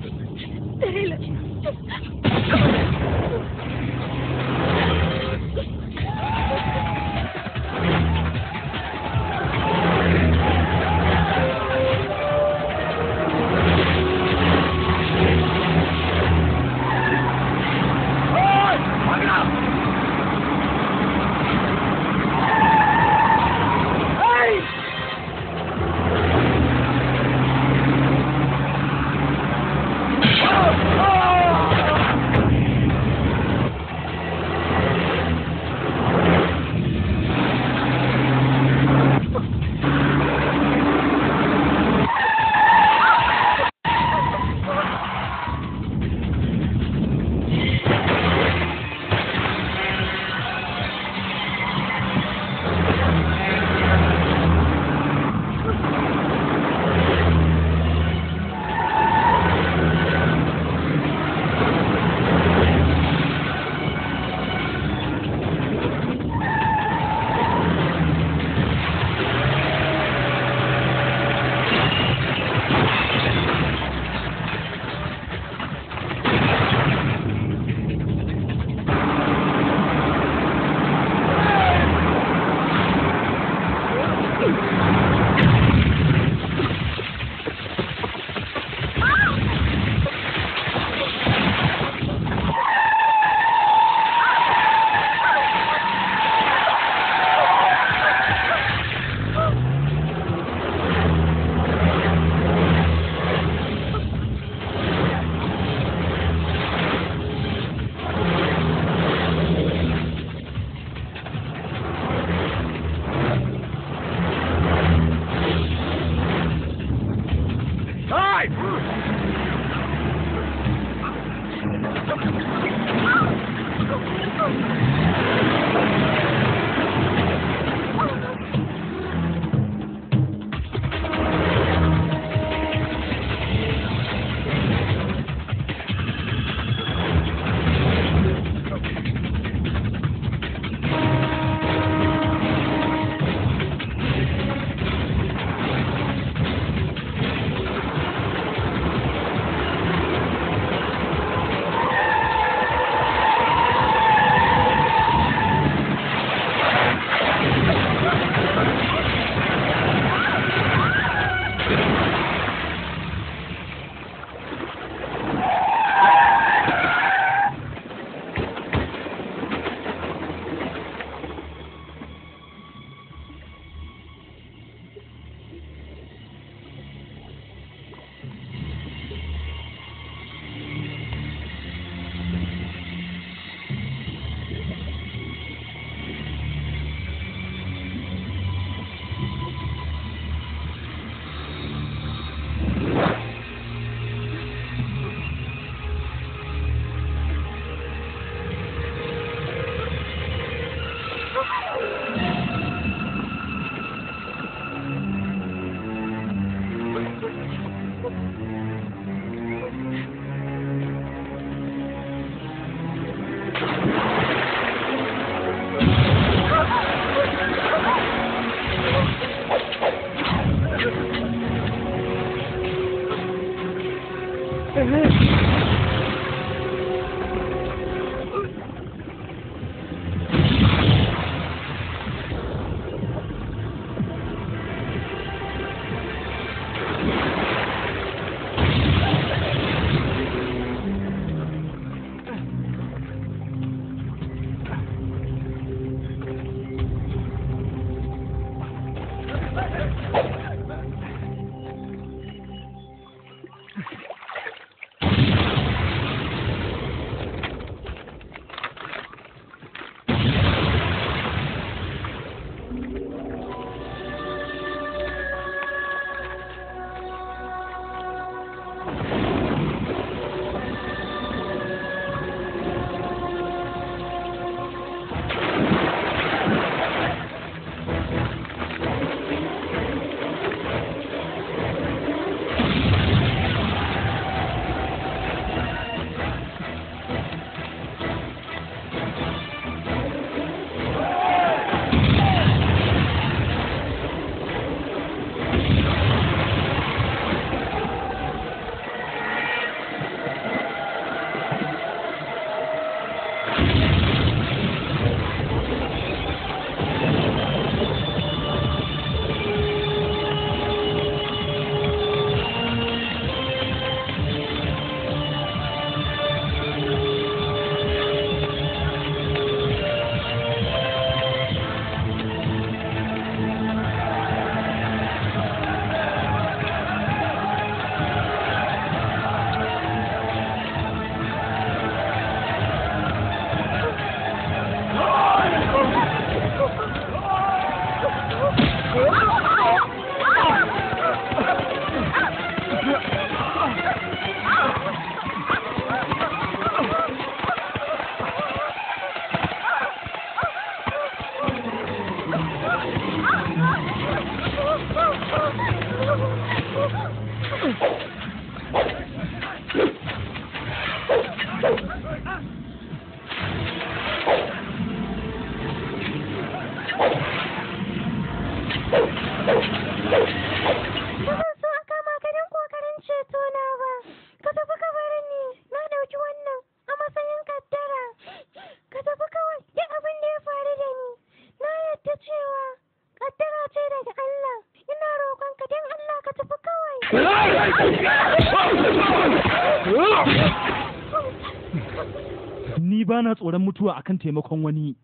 ba na tsoron mutuwa akan taimakon wani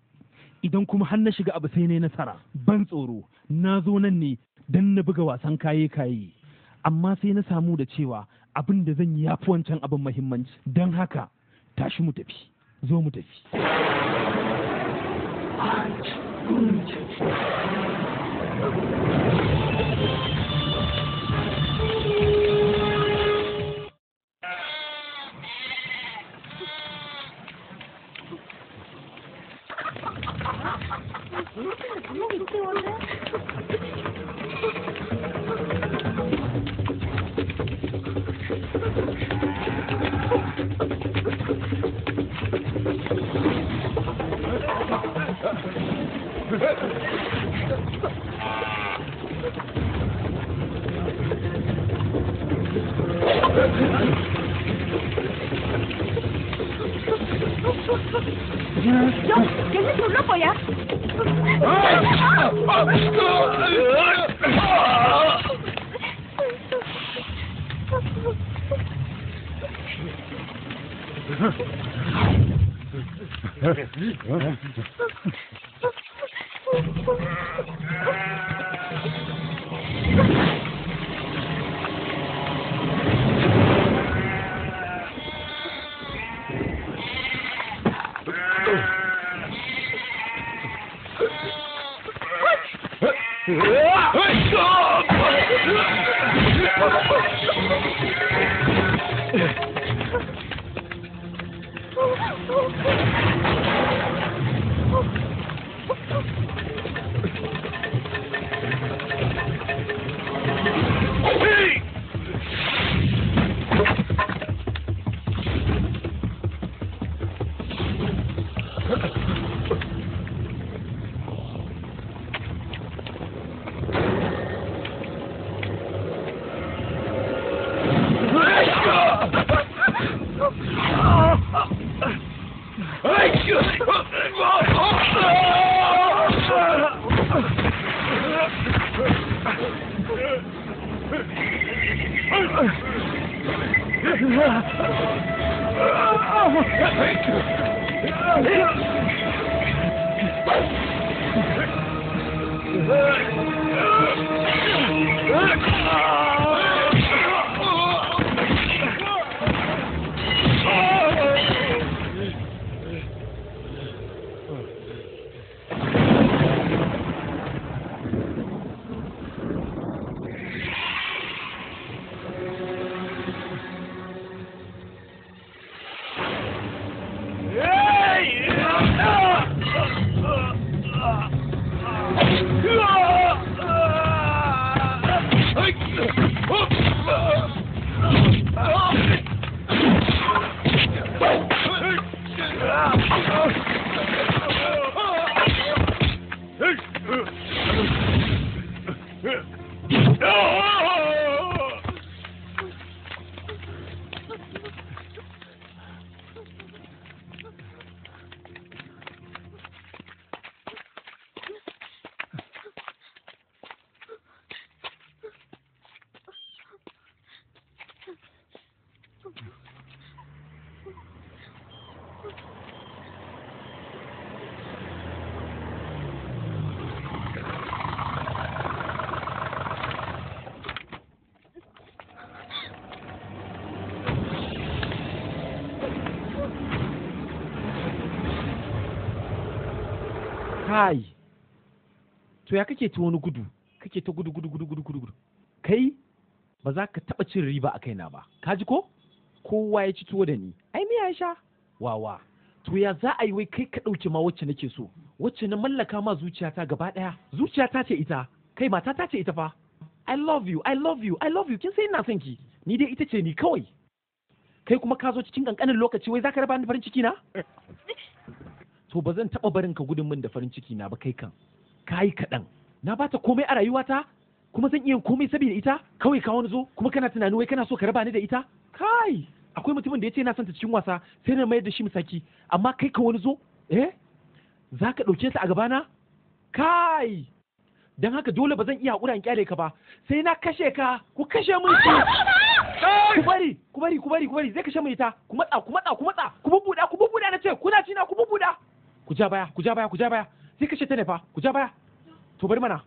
idan kuma har na shiga abu sai na nasara ban tsoro na zo nan ne don na buga wasan kaye kaye amma sai na samu da cewa abin da zan yi fi wancan abin mahimmanci don haka tashi mu tafi zo mu tafi Hey. so ya kake ta wani gudu kake ta gudu gudu gudu gudu gudu kai ba za ka taɓa cin riba a kaina ba ka ji ko kowa ya ci tuwo da ni ai me ya sha wawa to ya za a yi wai kai ka dauki ma wacce nake so wacce na mallaka ma zuciyata gaba ɗaya zuciyata ce ita kai ta ce ita fa I love you I love you I love you kin sai ina son ki ni dai ita ce ni kawai kai kuma ka zo cikin kankanin lokaci wai za ka raba ni farin ciki na to ba zan taba barin ka gudun min da farin ciki na ba kai kan ka yi kaɗan na bata komai a rayuwata kuma zan iya komai saboda ita kawai ka wani zo kuma kana tunani wai kana so ka raba ni da ita kai akwai mutumin da ya ce na son ta cikin wasa sai na mayar da shi misaki amma kai ka wani zo eh za ka ɗauke ta a gabana kai don haka dole ba zan iya haƙura in kyale ka ba sai na kashe ka ku kashe mun shi ku bari ku bari ku bari ku bari zai kashe mun ita ku matsa ku matsa ku matsa ku bubuɗa, ku bubuɗa na ce kuna ci na ku bubuɗa. ku ja baya ku ja baya ku ja baya zai kashe ta ne fa ku ja baya to bari mana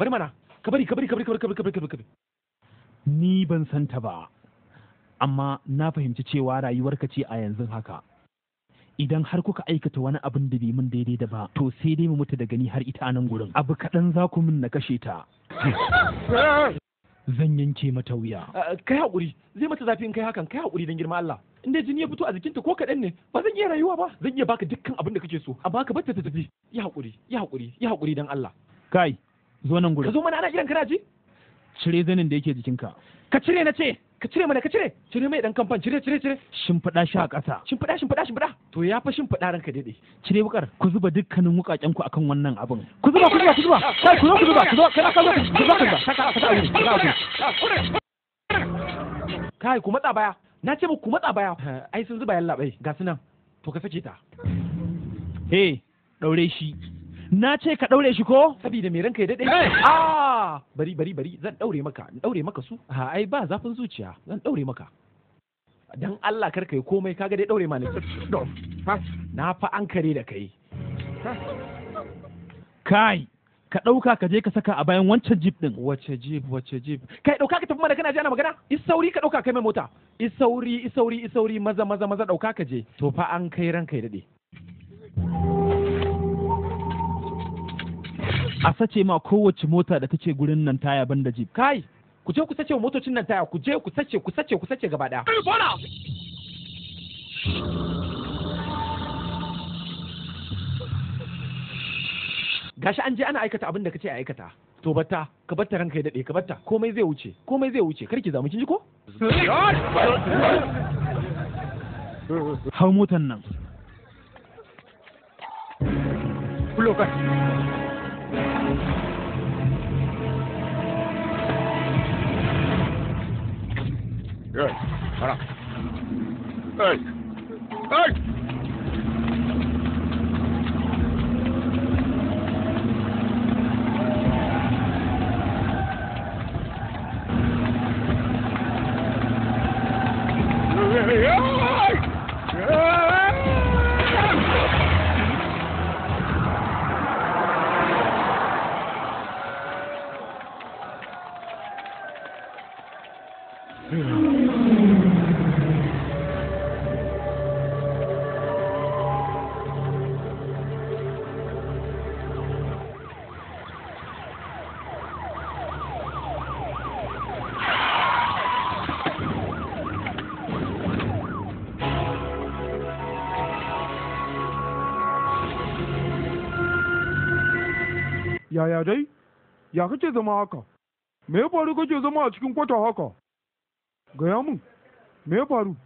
bari mana ka bari ka bari ka bari ka bari ka bari ka bari ni ban san ta ba amma na fahimci cewa rayuwar ka ce a yanzu haka idan har kuka aikata wani abin da bai min daidai da ba to sai dai mu mutu da gani har ita nan gurin abu kaɗan za ku min na kashe ta zan yanke mata wuya eh, kai hakuri zai mata zafi in kai hakan kai hakuri don girma Allah in dai jini ya fito a jikinta ko kaɗan ne ba zan iya rayuwa ba zan iya baka dukkan abin da kake so amma ka bar ta tafi ya haƙuri ya haƙuri ya haƙuri don Allah kai zo nan gudu. ka zo mana ana kiran kana ji cire zanin da yake jikinka ka cire na ce ka cire mana ka cire cire mai dan kamfan cire cire cire shimfiɗa shi a ƙasa shimfiɗa shimfiɗa shimfiɗa to ya fa shimfiɗa ranka daidai? cire wukar ku zuba dukkanin wukaken ku akan wannan abin ku zuba ku zuba ku zuba kai ku zo ku zuba ku zo kana ka zo ku zuba ka zuba ka ka ka kai ku matsa baya na ce ku matsa baya ai sun zuba yallaɓai, labai ga sunan to ka sake ta eh daure shi na ce ka daure shi ko saboda me ranka ya dade a ah! bari bari bari zan daure maka in daure maka su Ha, ai ba zafin zuciya zan daure maka dan Allah kar kai komai kaga dai daure ma ne na fa an kare da kai kai ka ɗauka ka je ka saka a bayan wancan jeep ɗin. Wace jeep wace jeep. Kai ɗauka ka tafi mana kana jana magana? Is sauri ka ɗauka kai mai mota. Is sauri is sauri is sauri maza maza maza ɗauka ka je. To fa an kai ran kai daɗe. a sace ma kowace mota da take gurin nan taya banda jeep kai ku je ku sace motocin nan taya ku je ku sace ku sace ku sace gaba daya gashi an je ana aikata abin da kace a aikata to batta ka batta ranka ya dade ka batta komai zai wuce komai zai wuce karki zamu kin ji ko hau motan nan Lokaci. Good. Hold on. Hey. Hey! yaya dai ya kake zama haka me ya faru kake zama a cikin kwata haka gaya min me ya faru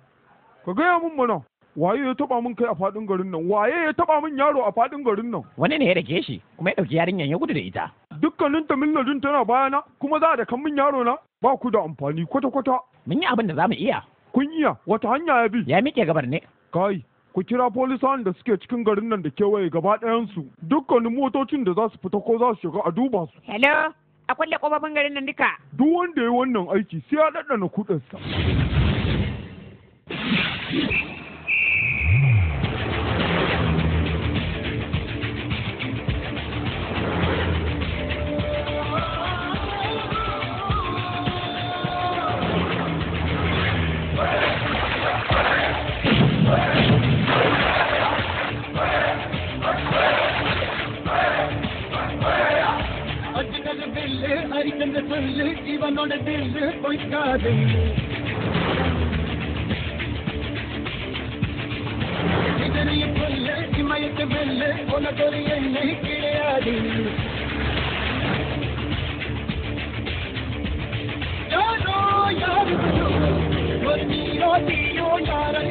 ka gaya min mana waye ya taba min kai a faɗin garin nan waye ya taba min yaro a faɗin garin nan wani ne ya rage shi kuma ya ɗauki yarinyar ya gudu da ita dukkanin ta min tana bayana kuma za da kan min yaro na ba ku da amfani kwata kwata mun yi abin da mu iya kun iya wata hanya ya bi ya miƙe gabar ne kai ku kira polisan da suke cikin garin nan da kewaye gaba ɗayansu dukkanin motocin da za su fita ko za su shiga a duba su. Hello, a kulle garin nan duka. Duk wanda ya wannan aiki sai ya ɗanɗana kuɗinsa. in the desert, even on the desert, we've got இதறிய கொல்ல இமயத்து வெல்ல உனக்கொரு எண்ணெய் கிடையாது யாரோ யாரோ ஒரு நீரோ தீயோ யாரை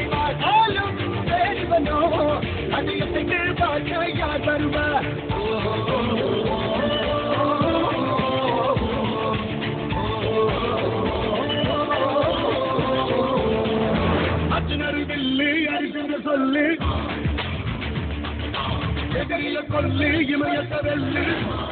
¡Suscríbete al canal!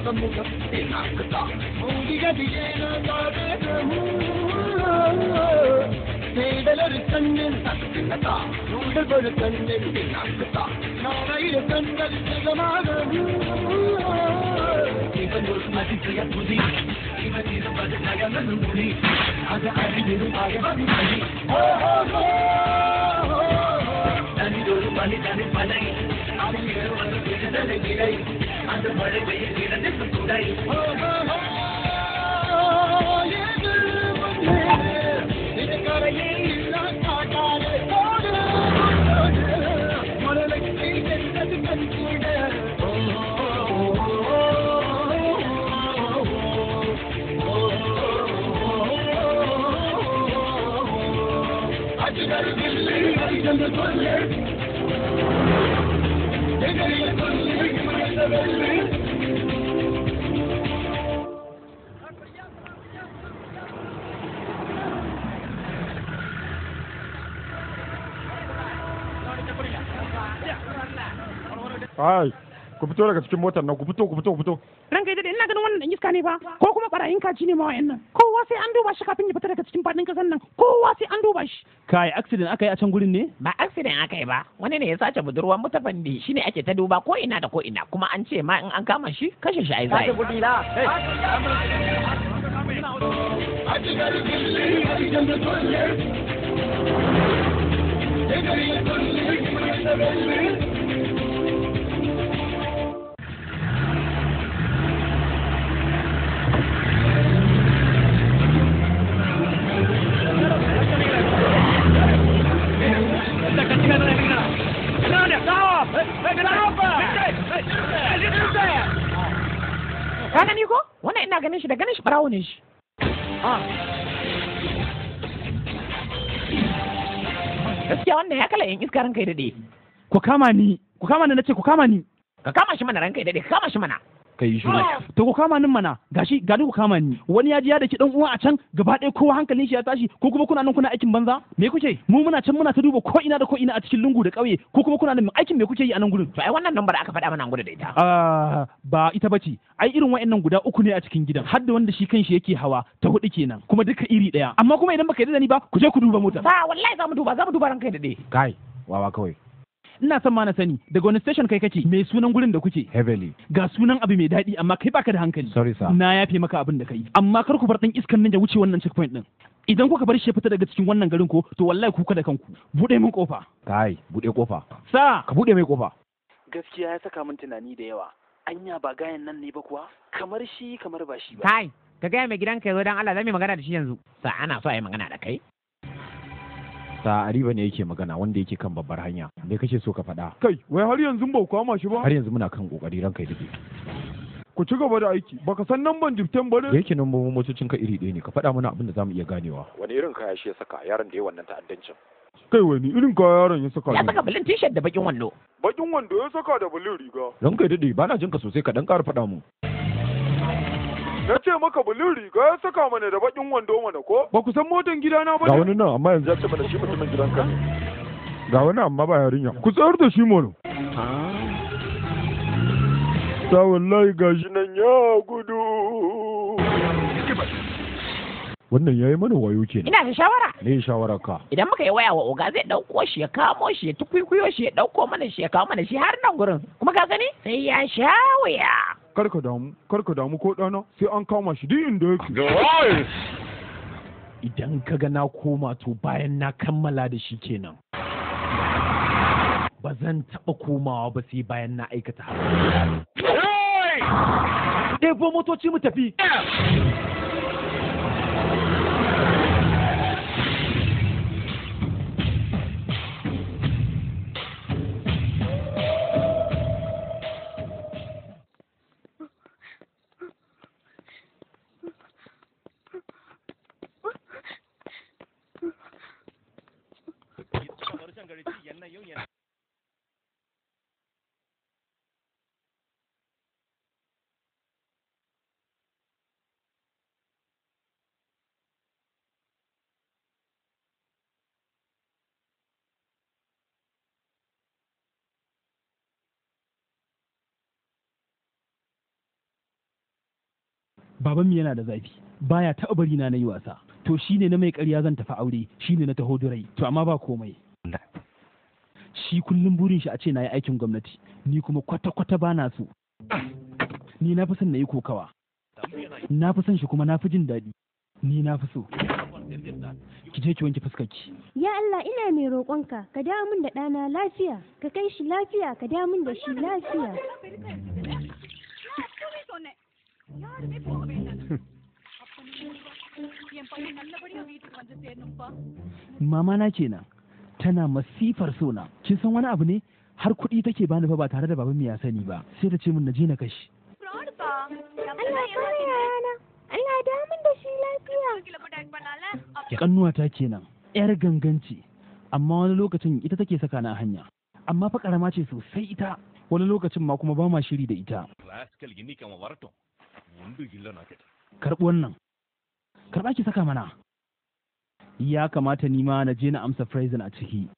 never move up in the dark. Only at the end of the தேடலொரு கண்ணில் தத்துனதா நூடல் ஒரு கண்ணில் தின்னாக்குதா நாளையில கண்கள் சுகமாக இவன் ஒரு மதிப்பிய புதி இவன் இருப்பது நகர்ந்து முடி அது அறிவிருப்பாக வழி தனிதொரு மனிதனின் பனை அவன் இருவது விடுதலை நிலை காத்து மழை வெயில் கிடந்து துடை Thank you. ku fito daga cikin motar nan ku fito ku fito ku fito ranka idan ina ganin wannan iska ne ba ko kuma barayin kaji ne ma wayannan kowa sai an duba shi kafin ya fita daga cikin fadin kasan nan kowa sai an duba shi kai accident aka yi a can gurin ne ba accident aka yi ba wani ne ya sace budurwar mutafandi shine ake ta duba ko ina da ko ina kuma an ce ma in an kama shi kashe shi ai zai Thank you. Ka gani ko? Wannan ina ganin shi da ganin shi barawo ne shi. Ah. Gaskiya wannan ya kala yin iska ranka ya dade. Ku kama ni, ku kama ni nace ku kama ni. Ka kama shi mana ranka ya dade, ka kama shi mana. ka yi shiru to ku kama nan mana gashi ga ku kama ni wani ya ji ya daki dan uwa a can gaba ɗaya kowa hankalin shi ya tashi ko kuma kuna nan kuna aikin banza me kuke mu muna can muna ta duba ko ina da ko ina a cikin lungu da ƙauye ko kuma kuna nan aikin me kuke yi a nan gurin to ai wannan da aka faɗa mana gudu da ita ah, ba ita bace ai irin wa'annan guda uku ne a cikin gidan har da wanda shi kanshi yake hawa ta hudu kenan kuma duka iri ɗaya amma kuma idan baka yarda da ni ba ku je ku duba motar ba wallahi za mu duba za mu duba kai da kai wawa kawai ina son ma na sani daga wani station kai kake me sunan gurin da kuke heavily ga sunan abu mai daɗi amma kai baka da hankali sorry sir na yafe maka abin da kai amma kar ku bar dan iskan nan ya wuce wannan checkpoint din idan kuka bar shi fita daga cikin wannan garin ko to wallahi kuka da kanku bude min kofa kai bude kofa sa ka bude mai kofa gaskiya ya saka min tunani da yawa anya ba gayan nan ne ba kuwa kamar shi kamar ba shi ba kai ka gaya mai gidanka ya zo dan Allah zan yi magana da shi yanzu sa ana so a yi magana da kai sa Ariba ne yake magana wanda yake kan babbar hanya me kake so ka faɗa kai wai har yanzu ba kwama shi ba har yanzu muna kan kokari ranka ya ku ci gaba da aiki baka san namban jiften bare yake nan mun motocin ka iri ɗaya ne ka faɗa mana abin da zamu iya ganewa wani irin kaya shi ya saka yaron da ya wannan ta'addancin kai wani irin kaya yaron ya saka ya saka bulin t-shirt da bakin wando bakin wando ya saka da bulin riga ranka dade ba na jinka sosai ka dan ƙara faɗa mu Na ce maka bulin riga ya saka mana da bakin wando mana ko? Ba ku san motan gidana ba ne? Ga wani nan amma yanzu ya ce mana shi mutumin gidan ka? Ga wani amma ba yarinya. Ku tsayar da shi mono. Ta wallahi shi nan ya gudu. wannan yayi mana wayo ke ina da shawara ne shawara ka idan muka yi waya wa oga zai dauko shi ya kamo shi ya tukwikwiyo shi ya dauko mana shi ya kawo mana shi har nan gurin kuma ka gani sai ya sha wuya karka ka damu kar damu ko ɗana sai an kama shi duk inda yake idan ka ga na koma to bayan na kammala da shi kenan ba zan taɓa komawa ba sai bayan na aikata haka. Ɗebo motoci mu tafi! baban mu yana da zafi baya taɓa bari na yi wasa to shine na mai ƙarya zan tafi aure shine na taho durai to amma ba komai shi kullum burin shi a ce na yi aikin gwamnati ni kuma kwata-kwata ba na so ni na fi son na yi kokawa na fi son shi kuma na fi jin daɗi ni na fi so ki je ki wanke fuskarki ya Allah ina mai roƙonka ka dawo min da ɗana lafiya ka kai shi lafiya ka dawo min da shi lafiya mama na kenan tana masifar sona kin san wani abu ne har kuɗi take bani fa ba tare da baban ya sani ba sai ta ce min na je na kashi Allah min da shi lafiya kannuwa ta kenan yar ganganci amma wani lokacin ita take saka na hanya amma fa karama ce sosai ita wani lokacin ma kuma ba ma shiri da ita karɓi nan, karɓa ki saka mana ya kamata ni ma na je na amsa prison a ciki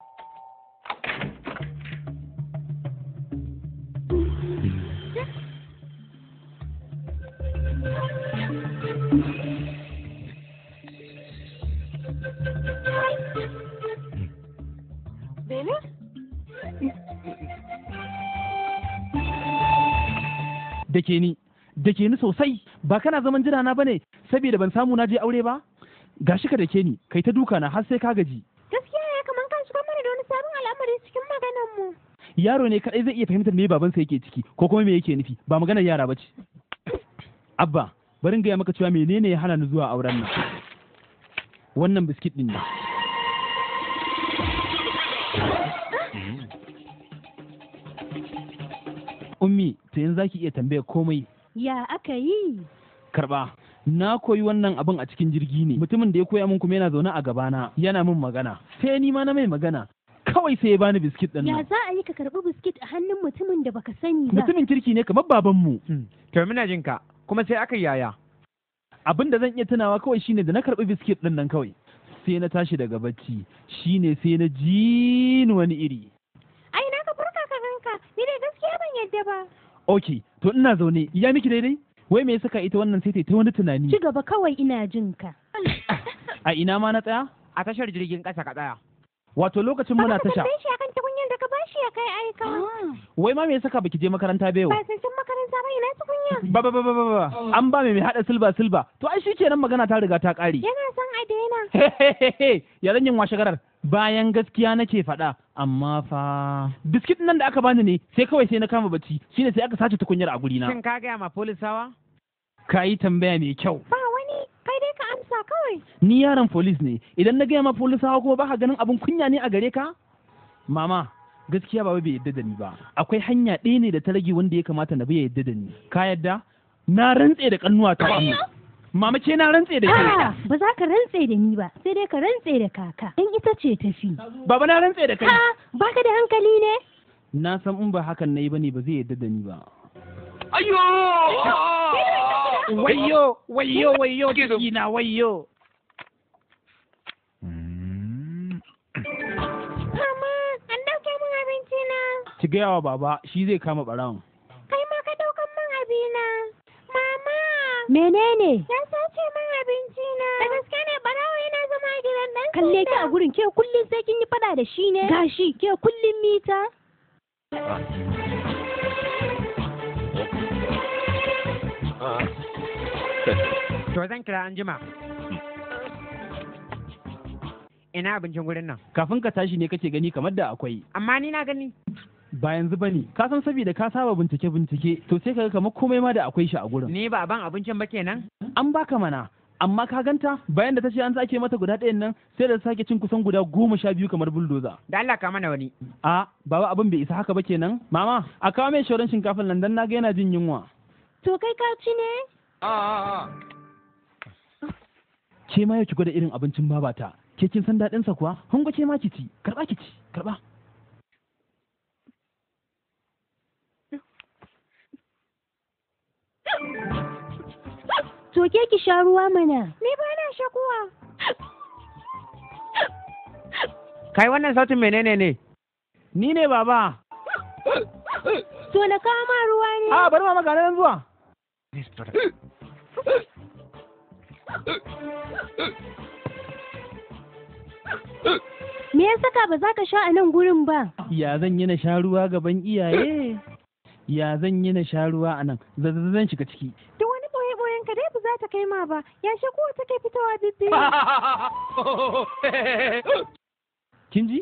Da ke ni, da ke ni sosai, ba kana zaman jira na ne saboda ban samu na je aure ba? ga shi ka dake ni kai ta duka na har sai ka gaji gaskiya ya kaman kan shiga mana da wani sabon al'amari cikin maganar mu yaro ne kadai zai iya fahimtar me babansa yake ciki ko kuma me yake nufi ba maganar yara bace abba barin gaya maka cewa menene ya hana ni zuwa auren nan wannan biskit ɗin ne ummi to yanzu zaki iya tambaya komai ya aka yi karba na koyi wannan abin a cikin jirgi ne mutumin da ya koya min kuma yana zaune a gabana yana min magana sai ni ma na mai magana kawai sai ya bani biskit din ya za a yi ka karbi biskit a hannun mutumin da baka sani ba mutumin kirki ne kamar baban mu hmm. to muna jin ka kuma sai aka yaya abin da zan iya tunawa kawai shine da na karbi biskit din nan kawai sai na tashi daga bacci shine sai na ji wani iri ai na ka furka ka ganka ni dai gaskiya ban yadda ba okay to ina zaune ya miki daidai wai me suka ita wannan sai ta wani tunani ci gaba kawai ina jin ka a ina ma na tsaya a tashar jirgin kasa ka tsaya wato lokacin muna tasha ba shi akan tukunyar da ka bashi ya kai aika ah. wai ma me saka baki je makaranta bai ba sai san makaranta ba ina tukunya ba ba ba ba ba an ba mai hada silba silba to ai shikenan magana ta riga ta kare yana san a daina ya zan yin washe garar bayan gaskiya nake faɗa amma fa biskit nan da aka bani ne sai kawai sai na kama bacci shine sai aka sace tukunyar a guri na shin ka ga ma polisawa ka yi tambaya mai kyau ba wani kai dai ka amsa kawai ni yaron polis ne idan na gaya ma polis hawa kuma baka ganin abin kunya ne a gare ka mama gaskiya baba bai yadda da ni ba akwai hanya ɗaya ne da ta rage wanda ya kamata na bai yadda da ni ka yadda na rantse da kannuwa ta Mama ce na rantse da ke. Ah, ba za ka rantse da ni ba, sai dai ka rantse da kaka. In ita ce ta fi. Baba na rantse da kai. Ba ka da hankali ne? Na san in ba hakan na yi ba ne ba zai yadda da ni ba. ayyo wayyo wayyo wayyo kina wayyo mama an dauke min abinci na ki gaya wa baba shi zai kama barawon kai ma ka daukan min abina mama menene ya sace min abinci na da gaske ne barawo yana zama a gidan dan kalle ki a gurin ke kullum sai kin yi fada da shi ne gashi ke kullum mita To zan kira an jima. Ina abincin gurin nan. Kafin ka tashi ne kake gani kamar da akwai. Amma ni na gani. Ba yanzu bane, ka san saboda ka saba bincike-bincike, to sai ka kamar komai ma da akwai shi a gurin. Ni ba ban abincin ba kenan? An baka mana, amma ka ganta bayan da ta ce an sake mata guda ɗayan nan sai da sake cin kusan guda goma sha biyu kamar buldoza da Allah ka mana wani a baba abin bai isa haka ba kenan mama a kawo mai shoran shinkafin nan dan naga yana jin yunwa to kai ka ci ne a ke ma yau ki gwada irin abincin babata ke kin san daɗinsa kuwa hungo ke ma ki ci karɓa ki ci karɓa To ki sha ruwa mana. Ni ba na kowa. Kai wannan sautin menene ne? Ni ne baba. To na ma ruwa ne. A ah, bari ma maganar zuwa. Me ya saka ba za ka sha a nan gurin ba? Ya zan yi na sha ruwa gaban iyaye? Ya zan yi na sha ruwa a nan, Zan shiga ciki. ta kai ma ba ya shi ko ta kai fitowa bibbiyu kin ji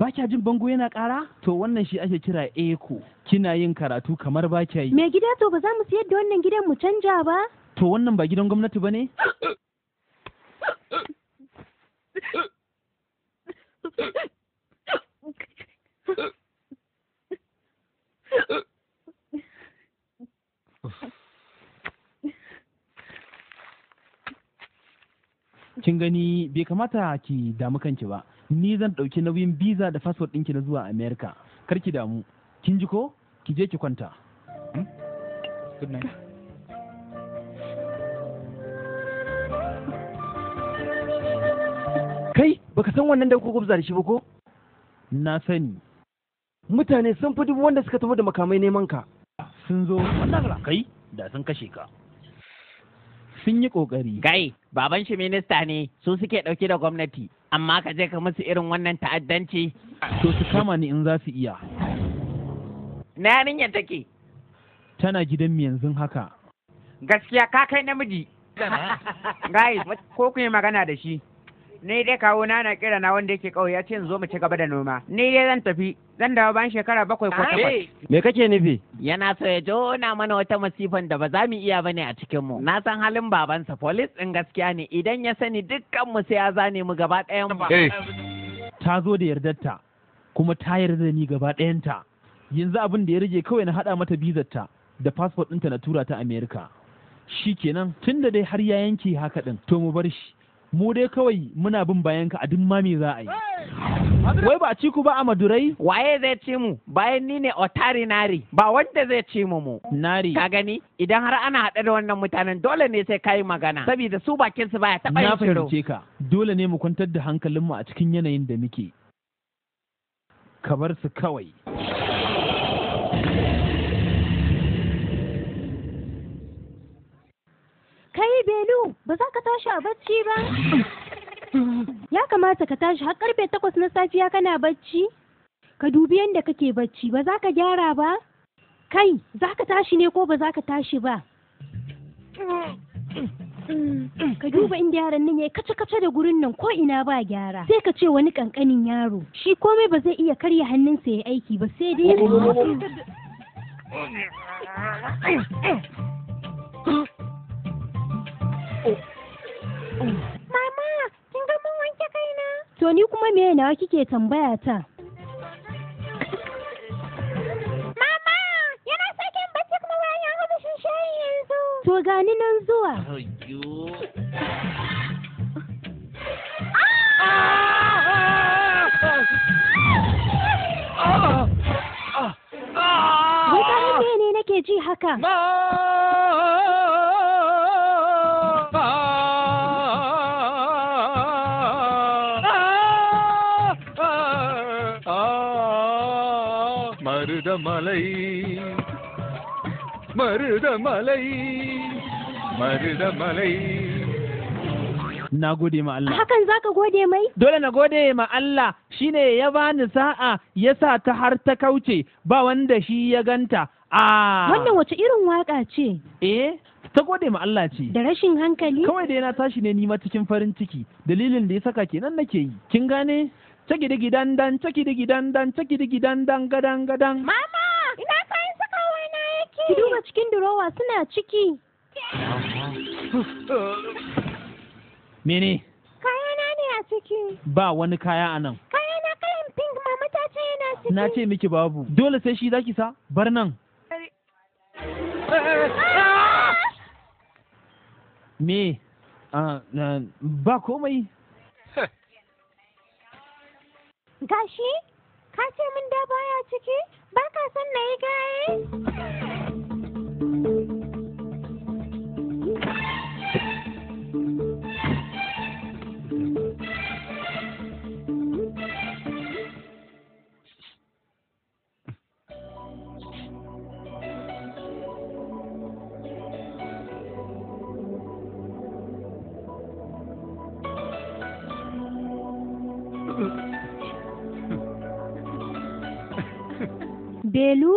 ba kya jin bango yana ƙara? To wannan shi ake kira eko. Kina yin karatu kamar ba kya yi. Mai gida to ba za mu siyar da wannan gidan mu canja ba? To wannan ba gidan gwamnati ba ne? Uh kin gani bai kamata ki damu kanki ba ni zan ɗauki nauyin biza da fasfot ɗinki na zuwa america kar ki damu kin ji ko ki je ki kwanta hmm? Good night. Kai, baka san wannan da kuka da shi ba ko? Na sani. Mutane sun fi dubu wanda suka tafi da makamai neman ka. Sun zo. Wannan kai da sun kashe ka. sun yi kokari Gai, baban shi minista ne su suke dauke da gwamnati amma ka je ka musu irin wannan ta'addanci to su kama ni in za su iya na yarinyar take tana gidan mu yanzu haka gaskiya ka kai namiji Gai, ko ku yi magana da shi ni dai kawo na na kira na wanda yake kauye ya ce in zo mu ci gaba da noma ni dai zan tafi zan dawo bayan shekara bakwai ko takwas me kake nufi yana so ya jona mana wata masifan da ba za mu iya ba ne a cikin mu na san halin babansa police din gaskiya ne idan ya sani dukkan mu sai ya zane mu gaba ɗayan mu ta zo da yardarta kuma ta yarda ni gaba ɗayanta yanzu abin da ya rage kawai na haɗa mata bizar ta da fasfot ɗinta na tura ta Amerika. Shi kenan tun da dai har ya yanke haka ɗin to mu bar shi mu dai kawai muna bin bayanka a duk ma za a yi wai ba ci ku ba a madurai waye zai ci mu bayan ni ne otari nari ba wanda zai ci mu mu nari ka gani idan har ana haɗe da wannan mutanen dole ne sai kayi magana saboda su bakin su baya taɓa yin shiru. na fahimce ka dole ne mu kwantar da hankalinmu a cikin yanayin da muke kamar su kawai Kai Belu, ba za ka tashi a bacci ba? Ya kamata ka tashi har karfe takwas na safiya kana bacci? Ka dubi yadda kake bacci, ba za ka gyara ba? Kai, za ka tashi ne ko ba za ka tashi ba? Ka duba inda yaran nan yayi kace-kace da gurin nan ko ina ba gyara. Sai ka ce wani kankanin yaro. Shi komai ba zai iya karya hannunsa ya aiki ba sai dai. Mama, kin ga mun wanke kaina? To ni kuma me nawa kike tambaya ta? Mama, yana sakin bacci kuma bayan ya gama shayi yanzu. To gani nan zuwa. Wata ne nake ji haka. Marudhamalai மருதமலை Marudhamalai na gode ma Allah. Hakan za ka gode mai? Dole na gode ma Allah shine ya bani sa'a ya sa ta har ta kauce ba wanda shi ya ganta. Ah. Wannan wace irin waka ce? Eh, ta gode ma Allah ce. Da rashin hankali? Kawai dai na tashi ne nima cikin farin ciki. Dalilin da ya saka kenan nake yi. Kin gane? ciki digi dan, ciki digi dan, ciki digi dan gadan gadan mama ina kayan sakawa na yake ki duba cikin durowa suna ciki mene kayana ne a ciki ba wani kaya a nan kayana kayan pink mama ta ce yana ciki na ce miki babu dole sai shi zaki sa bar nan me ah, ba komai Gashi, ka ce min da baya ciki, ba ka son na yi gaye? Belu,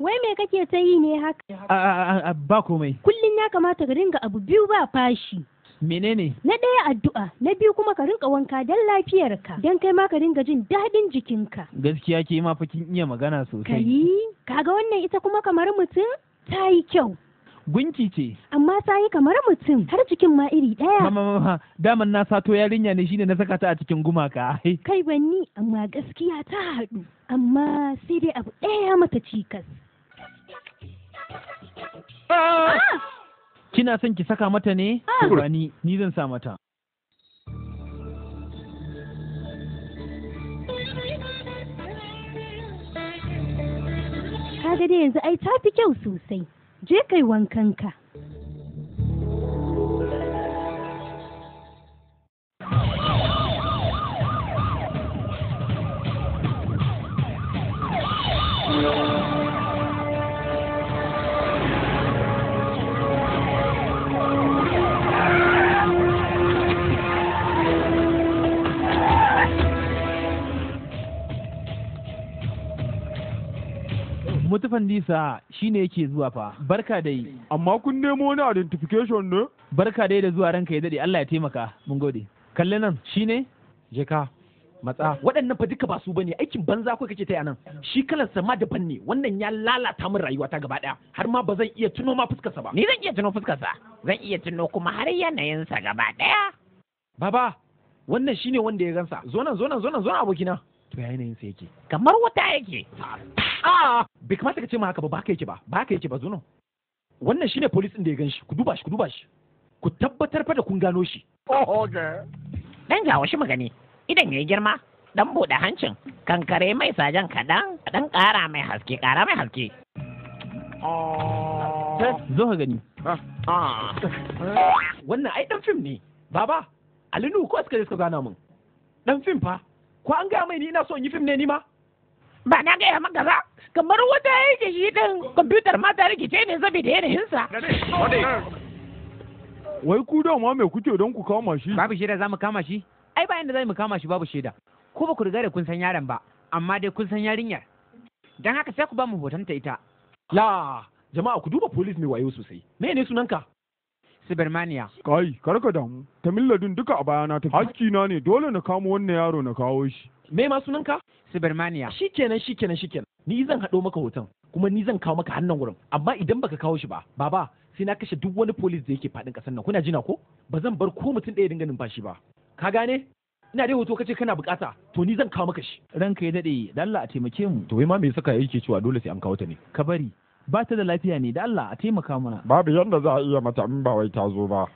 wai me kake ta yi ne haka? A ba komai. Kullum ya kamata ka ringa abu biyu ba fashi. Menene? Na ɗaya addu'a, na biyu kuma ka rinka wanka don lafiyarka, don kai ma ka ringa jin daɗin jikinka. Gaskiya ke ma fakin iya magana sosai. Kayi, kaga wannan ita kuma kamar mutum ta yi kyau. gunki ce. Amma ta yi kamar mutum har cikin ma iri ɗaya. daman na sato yarinya ne shine na saka ta a cikin gumaka. Kai banni amma gaskiya ta haɗu amma sai dai abu ɗaya mata cikas. Ah! Ah! Kina son ki saka mata ne? Ah! Ni ni zan sa mata. Ka ga dai yanzu ai ta fi kyau sosai. je kai wankan ka mutufan disa shine yake zuwa fa barka dai amma kun nemo wani identification ne barka dai da zuwa ranka ya dade Allah ya taimaka mun gode kalle nan shine jeka matsa waɗannan fa duka ba su bane aikin banza ko kake ta yanan shi kalar sama daban ne wannan ya lalata min rayuwata gaba daya har ma ba zan iya tuno ma fuskarsa ba ni zan iya tuno fuskarsa zan iya tuno kuma har yanayinsa gaba daya baba wannan shine wanda ya gansa zo nan zo nan zo nan zo nan abokina to ya sa yake kamar wata yake bai kamata ka ce ma haka ba ba ka yake ba ba ka yake ba zuno wannan shine police din da ya ganshi ku duba shi ku duba shi ku tabbatar fa da kun gano shi oh okay dan jawo shi magani idan yayi girma dan bude hancin kankare mai sajan kadan dan kara mai haske kara mai haske oh. eh, zo ka gani ah, ah. wannan ai dan fim ne baba alinu ko suka je suka gana min dan fim fa ko an gaya mai ni ina so in yi fim ne ni ma ba na gaya maka ba kamar wata yake shi din kwamfutar ma ta rikice ne saboda yanayinsa wai ku dama mai kuke don ku kama shi babu shaida za mu kama shi ai bayan da za mu kama shi babu shaida ko ba ku riga da kun san yaron ba amma dai kun san yarinyar dan haka sai ku ba mu ta ita la jama'a ku duba polis mai wayo sosai me ne sunanka Subramania. Kai, karka damu. Ta Tamilladin duka a bayana ta hakkina ne dole na kamo wannan yaro na kawo shi. Me ma sunanka? Subramania. Shikenan shikenan shikenan. Ni zan haɗo maka hoton kuma ni zan kawo maka hannun wurin. Amma idan baka kawo shi ba, baba sai na kashe duk wani police da yake faɗin ƙasar nan. Kuna jina ko? Ba zan bar ko mutum ɗaya dinga numfashi ba. Ka gane? ina dai hoto kace kana bukata to ni zan kawo maka shi ranka ya dade dan Allah a taimake mu to wai ma me saka yake cewa dole sai an kawo ta ne ka bari ba ta da lafiya ne da Allah a taimaka mana babu yadda za a iya mata in ba wai ta zo ba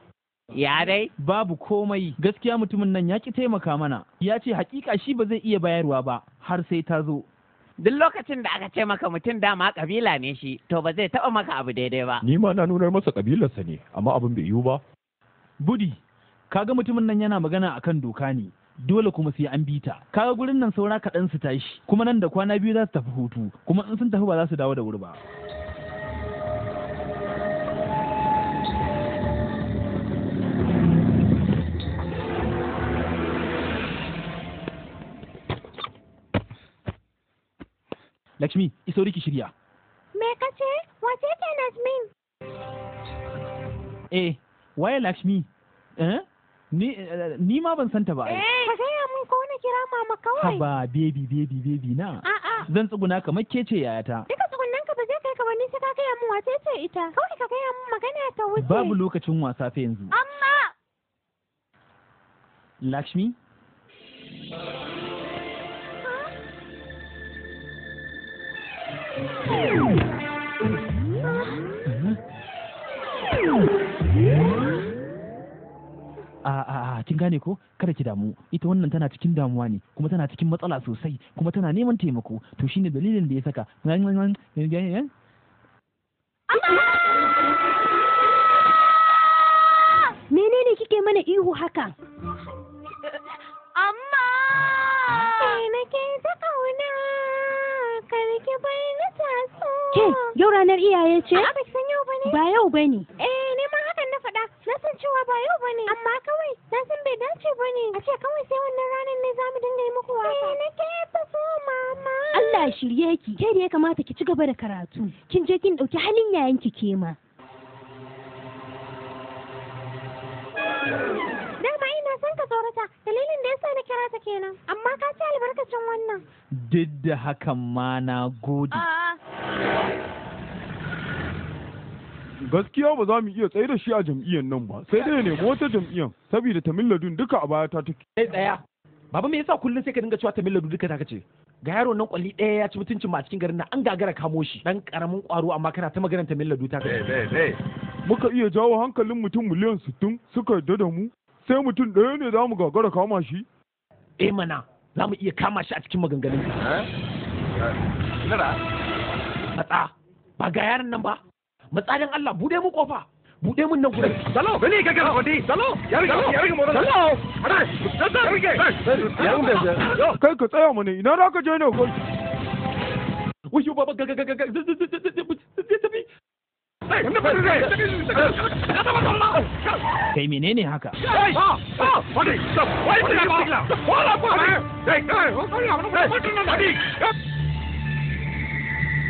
ya dai babu komai gaskiya mutumin nan ya ki taimaka mana ya ce hakika shi ba zai iya bayarwa ba har sai ta zo duk lokacin da aka ce maka mutum dama kabila ne shi to ba zai taba maka abu daidai ba ni ma na nunar masa kabilarsa ne amma abin bai yiwu ba budi kaga mutumin nan yana magana akan doka ne dole kuma sai an bita. ta kaga gurin nan saura kaɗan su tashi kuma nan da kwana biyu za su tafi hutu kuma in sun tafi ba za su dawo da wuri ba Lakshmi, isauri ki shirya. Me ka ce? Wace ce Nazmin? Eh, waye Lakshmi? Eh? Ni ma ban santa ba. Eh, ka gaya mun ko na kira mama kawai. Haba baby baby baby na. A'a. Zan tsuguna ka makke ce yayata. Duka tsugunan ka ba zai kai ka ba sai ka gaya mun wace ce ita. Kawai ka gaya mun magana ta wuce. Babu lokacin wasa fa yanzu. Amma. Lakshmi? a kin gane ko kada ki damu ita wannan tana cikin damuwa ne kuma tana cikin matsala sosai kuma tana neman taimako to shine dalilin da ya saka menene kike mana ihu haka amma nake ta kauna karki bai na taso ke yau ranar iyaye ce ba yau bane eh Na san cewa ba yau bane. Amma kawai na san bai dace bane. A ce kawai sai wannan ranar ne zamu dinga yi muku wasa. Eh na ke ta so mama. Allah shirye ki. keda da ya kamata ki ci gaba da karatu. Kin je kin dauki halin yayan ki ke ma. Dama ina son ka tsorata. Dalilin da yasa na kira ta kenan. Amma ka ci albarkacin wannan. Duk da hakan ma na gode. gaskiya ba za mu iya tsaye da shi a jam'iyyar nan ba sai dai mu wata jam'iyyar saboda tamiladun duka a baya ta take sai daya baba me yasa kullum sai ka dinga cewa tamiladun duka ta kace ga yaro nan kwalli daya ya ci mutuncin ma a cikin garin nan an gagara kamo shi dan karamin kwaro amma kana ta maganar tamilladu ta kace muka iya jawo hankalin mutum miliyan sittin suka yarda da mu sai mutum daya ne za mu gagara kama shi eh mana za mu iya kama shi a cikin maganganun a eh? eh, ba ga yaron nan ba matsalin Allah bude mu kofa bude mun nan gurin salo bane ka gara wadi salo ya riga ya riga mora salo ana sasa rike ya mun kai ka tsaya mu ne ina za ka je ne ko wuyu baba ga ga ga ga Kai menene haka? Kai!